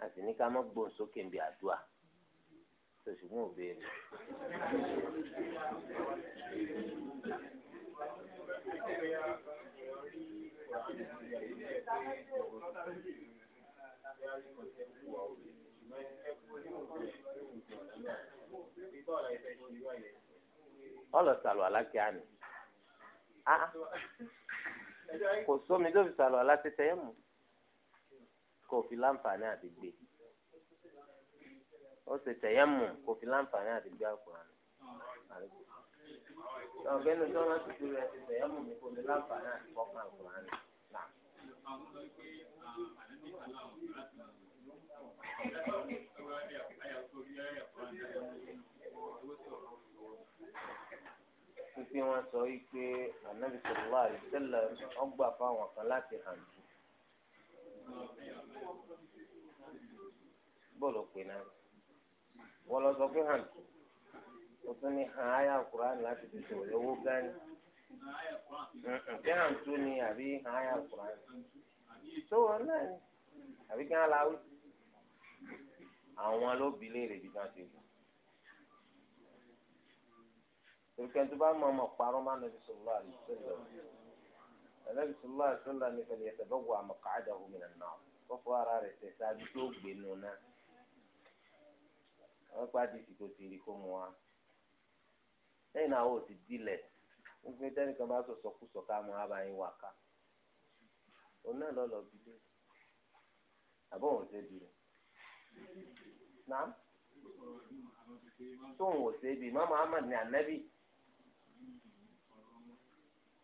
àti ní ká má gbóhùn sókè ń bi àdúrà tó ṣùgbọ́n òbéèrè. ọlọ sàlù alákì àná kò sómi ló fi sàlù alákì tẹyẹ mú. kó o fi láǹfààní àti láǹfààní ti ní láǹfààní Fífi wọn sọ wípé Ànábì sallallahu alaihi wasallam ọgbà fáwọn kan láti hàn jù. bọ́ọ̀lù pè náà wọ́n lọ sọ pé hàn o tún ní hàn áyà kuran láti fi ṣòwò owó gani kí hàn tún ní àbí hàn áyà kuran tó wọn náà ni àbí kí hàn láwí àwọn alóbi léèrè bí wọ́n ti lù torí kẹ́ńtù bá mọ̀ ọmọ parọ́ máa ń lọ sí sọ̀rọ̀ àlùfẹ́ lọ. e tó máa tó lọ ní fẹlẹ́ ẹsẹ̀ bọ́wọ́ àmọ̀kàdà omi nàná fọ́fọ́ ara rẹ̀ ṣe ṣáájú tó gbé nu náà wọ́n pa dìtì tó ti rí kó mu wa lẹ́yìn náà ó ti dilẹ̀ wọ́n fi dẹ́nìkan bá sọ̀sọ̀ kú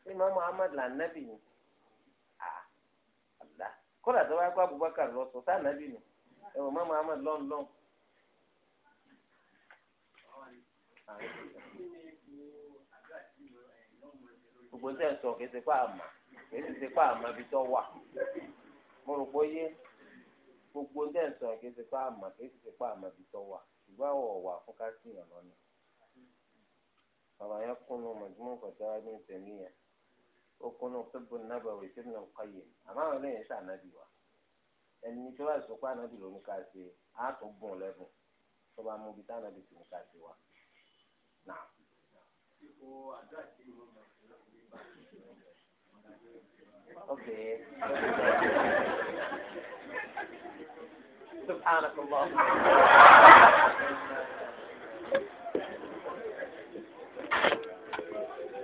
ṣé màá muhammad là nábì ni àlá kódà tó wáá gbọ́ abubakar lọ sọ sáà nábì ni ẹ̀wọ̀n màá muhammad lọ́n lọ́n. gbogbo tẹ̀ ń sọ kì í ṣe pa àmà kì í ṣe pa àmà bí tó wà mo rò pé yé gbogbo tẹ̀ ń sọ kì í ṣe pa àmà kì í ṣe pa àmà bí tó wà ṣùgbọ́n wà fún ká sí ìyànlọ́ni. bàbá yẹn kún un mọ̀júmọ́ kọ̀ọ̀tà ní ìtẹ̀lé yẹn okun ọ̀sẹ̀bù nàbàwì ibn al-Qayyim àmọ́ àwọn eléyìí ṣe ànábì wa ẹni tí wọ́n sọ pé ànábì ló ní ká ṣe á tó gùn lẹ́bùn tó bá mú ibi tí ànábì ti ní ká ṣe wa. Okay. سبحانك اللهم